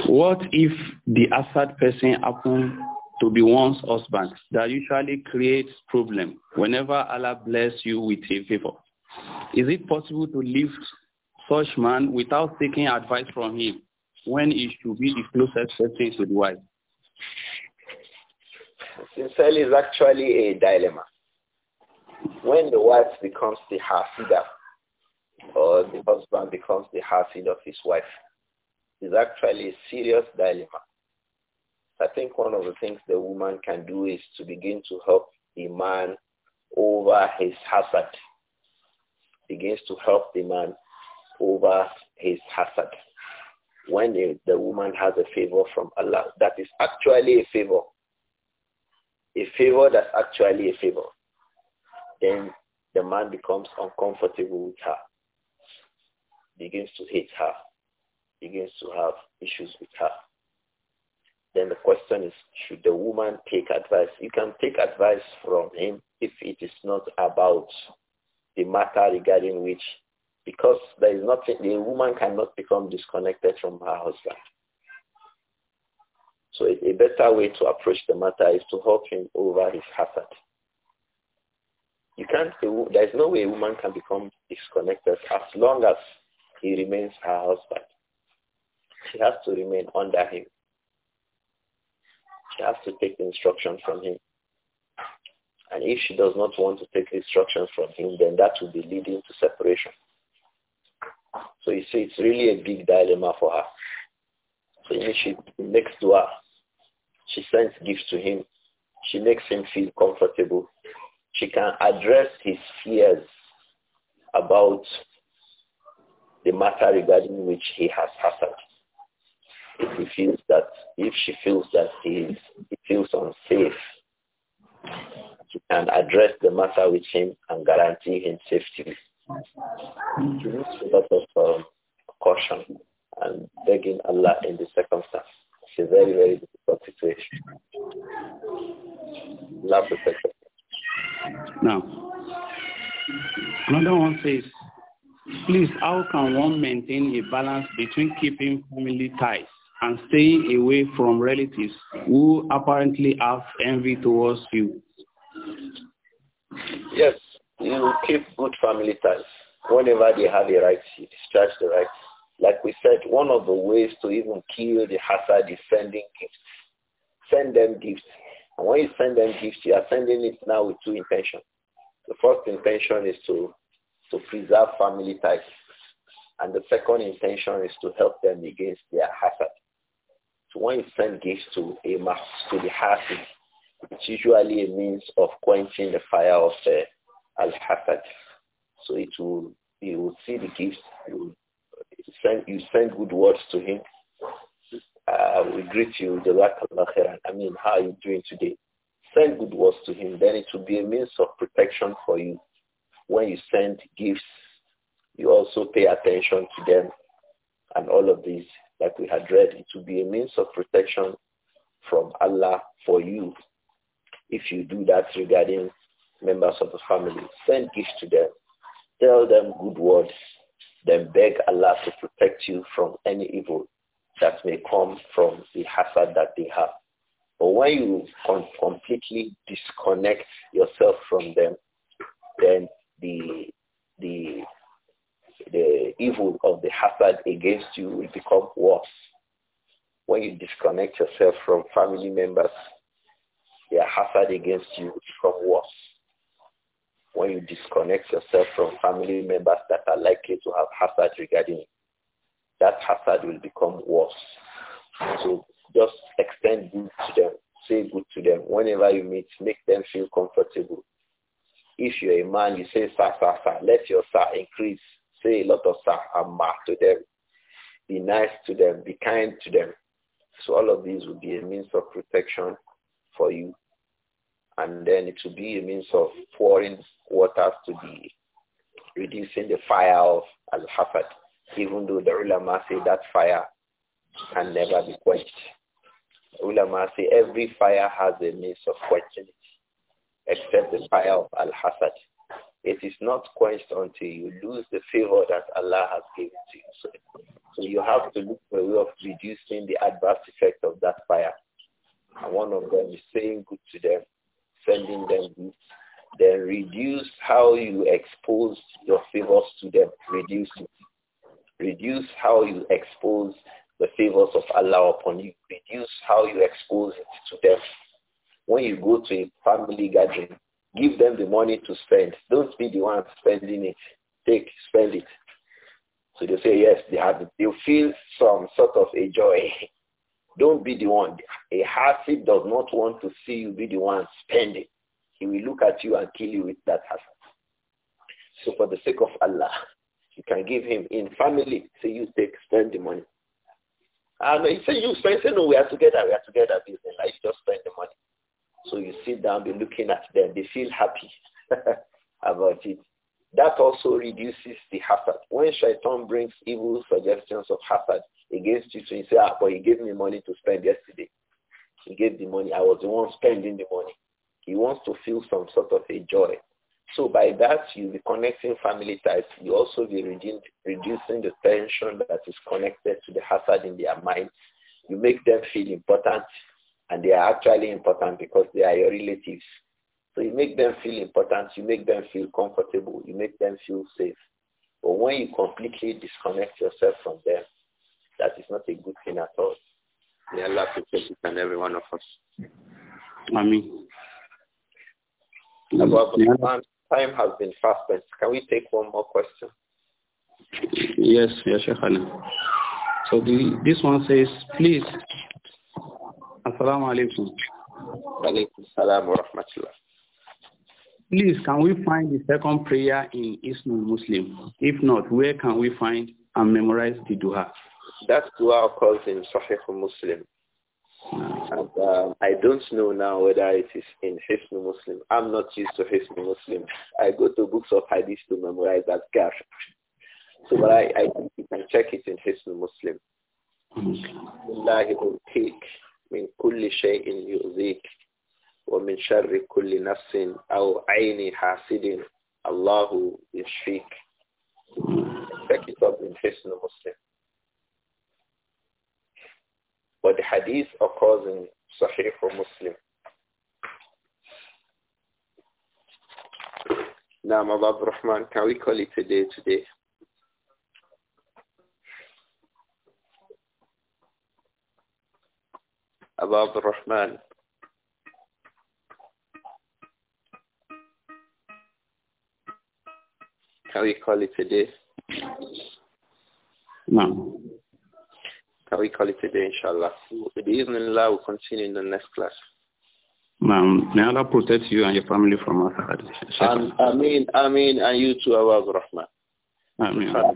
What if the Assad person happen to be one's husband? That usually creates problem whenever Allah bless you with a favor. Is it possible to lift such man without taking advice from him when he should be the closest person to the wife? Sincerely is actually a dilemma. When the wife becomes the hasidah, or the husband becomes the hasid of his wife, is actually a serious dilemma. I think one of the things the woman can do is to begin to help the man over his hazard begins to help the man over his hazard. When the, the woman has a favor from Allah, that is actually a favor. A favor that's actually a favor. Then the man becomes uncomfortable with her, begins to hate her, begins to have issues with her. Then the question is, should the woman take advice? You can take advice from him if it is not about the matter regarding which, because there is nothing, the woman cannot become disconnected from her husband. So a, better way to approach the matter is to help him over his hazard. You can't, there's no way a woman can become disconnected as long as he remains her husband. She has to remain under him. She has to take instruction from him. And if she does not want to take instructions from him, then that will be leading to separation. So you see, it's really a big dilemma for her. So she makes dua. She sends gifts to him. She makes him feel comfortable. She can address his fears about the matter regarding which he has hazard. If he feels that, if she feels that he, is, he feels unsafe, and address the matter with him and guarantee him safety. You need a lot of um, caution and begging Allah in this circumstance. It's a very, very difficult situation. Allah protect Now, another one says, please, how can one maintain a balance between keeping family ties and staying away from relatives who apparently have envy towards you? Yes, you keep good family ties. Whenever they have a right, you discharge the right. Like we said, one of the ways to even kill the hazard is sending gifts. Send them gifts. And when you send them gifts, you are sending it now with two intentions. The first intention is to, to preserve family ties. And the second intention is to help them against their hazard. So when you send gifts to a to the hazard, it's usually a means of quenching the fire of the uh, al-hasad. So it will, you will see the gifts you send, you send good words to him. Uh, we greet you, Jazakallah khairan. I mean, how are you doing today? Send good words to him. Then it will be a means of protection for you. When you send gifts, you also pay attention to them and all of these, like we had read, it will be a means of protection from Allah for you if you do that regarding members of the family, send gifts to them. Tell them good words. Then beg Allah to protect you from any evil that may come from the hazard that they have. But when you completely disconnect yourself from them, then the the the evil of the hazard against you will become worse. When you disconnect yourself from family members, their hazard against you from worse. When you disconnect yourself from family members that are likely to have hazard regarding you, that hazard will become worse. So just extend good to them. Say good to them. Whenever you meet, make them feel comfortable. If you're a man, you say, sir, sir, sir, let your sir increase. Say a lot of sir and ma to them. Be nice to them. Be kind to them. So all of these will be a means of protection for you and then it will be a means of pouring waters to the reducing the fire of al-hafad, even though the ulama say that fire can never be quenched. The ulama say every fire has a means of quenching it, except the fire of al-hasad. It is not quenched until you lose the favor that Allah has given to you. So, so you have to look for a way of reducing the adverse effect of that fire. And one of them is saying good to them sending them gifts, then reduce how you expose your favors to them. Reduce it. Reduce how you expose the favors of Allah upon you. Reduce how you expose it to them. When you go to a family gathering, give them the money to spend. Don't be the one spending it. Take, spend it. So they say yes, they have. They feel some sort of a joy Don't be the one. A hassid does not want to see you be the one spending. He will look at you and kill you with that hassid. So for the sake of Allah, you can give him in family. Say you take, spend the money. And he say you spend. Say no, we are together. We are together. Business. Like just spend the money. So you sit down, be looking at them. They feel happy about it. That also reduces the hazard. When shaitan brings evil suggestions of hazard, against you. So you say, ah, but he gave me money to spend yesterday. He gave the money. I was the one spending the money. He wants to feel some sort of a joy. So by that, you'll be connecting family ties. You also be reducing the tension that is connected to the hazard in their mind. You make them feel important, and they are actually important because they are your relatives. So you make them feel important. You make them feel comfortable. You make them feel safe. But when you completely disconnect yourself from them, that is not a good thing at all. May Allah protect each and every one of us. Amen. time, has been fast spent. Can we take one more question? Yes, yes, Shekhana. So the, this one says, please. Assalamu alaikum. Alaikum salam wa rahmatullah. Please, can we find the second prayer in Islam, Muslim? If not, where can we find and memorize the duha? That dua occurs in Sahih Muslim. And, um, I don't know now whether it is in Hisnu Muslim. I'm not used to Hisnu Muslim. I go to books of hadith to memorize that gap. So but I, I think you can check it in Hisnu Muslim. الله يؤتيك من كل شيء يؤذيك ومن شر كل نفس أو عين حاسد الله يشفيك. Check it up in Hisnu Muslim. But the hadith occurs in Sahih or Muslim. Naam Allah, Rahman, can we call it a day today? Abab Rahman. Can we call it a day? No. Can we call it inshallah? With the inshallah, we'll continue in the next class. Ma'am, may Allah protect you and your family from us. Ameen, ameen, and you too, Awaz Rahman. Ameen.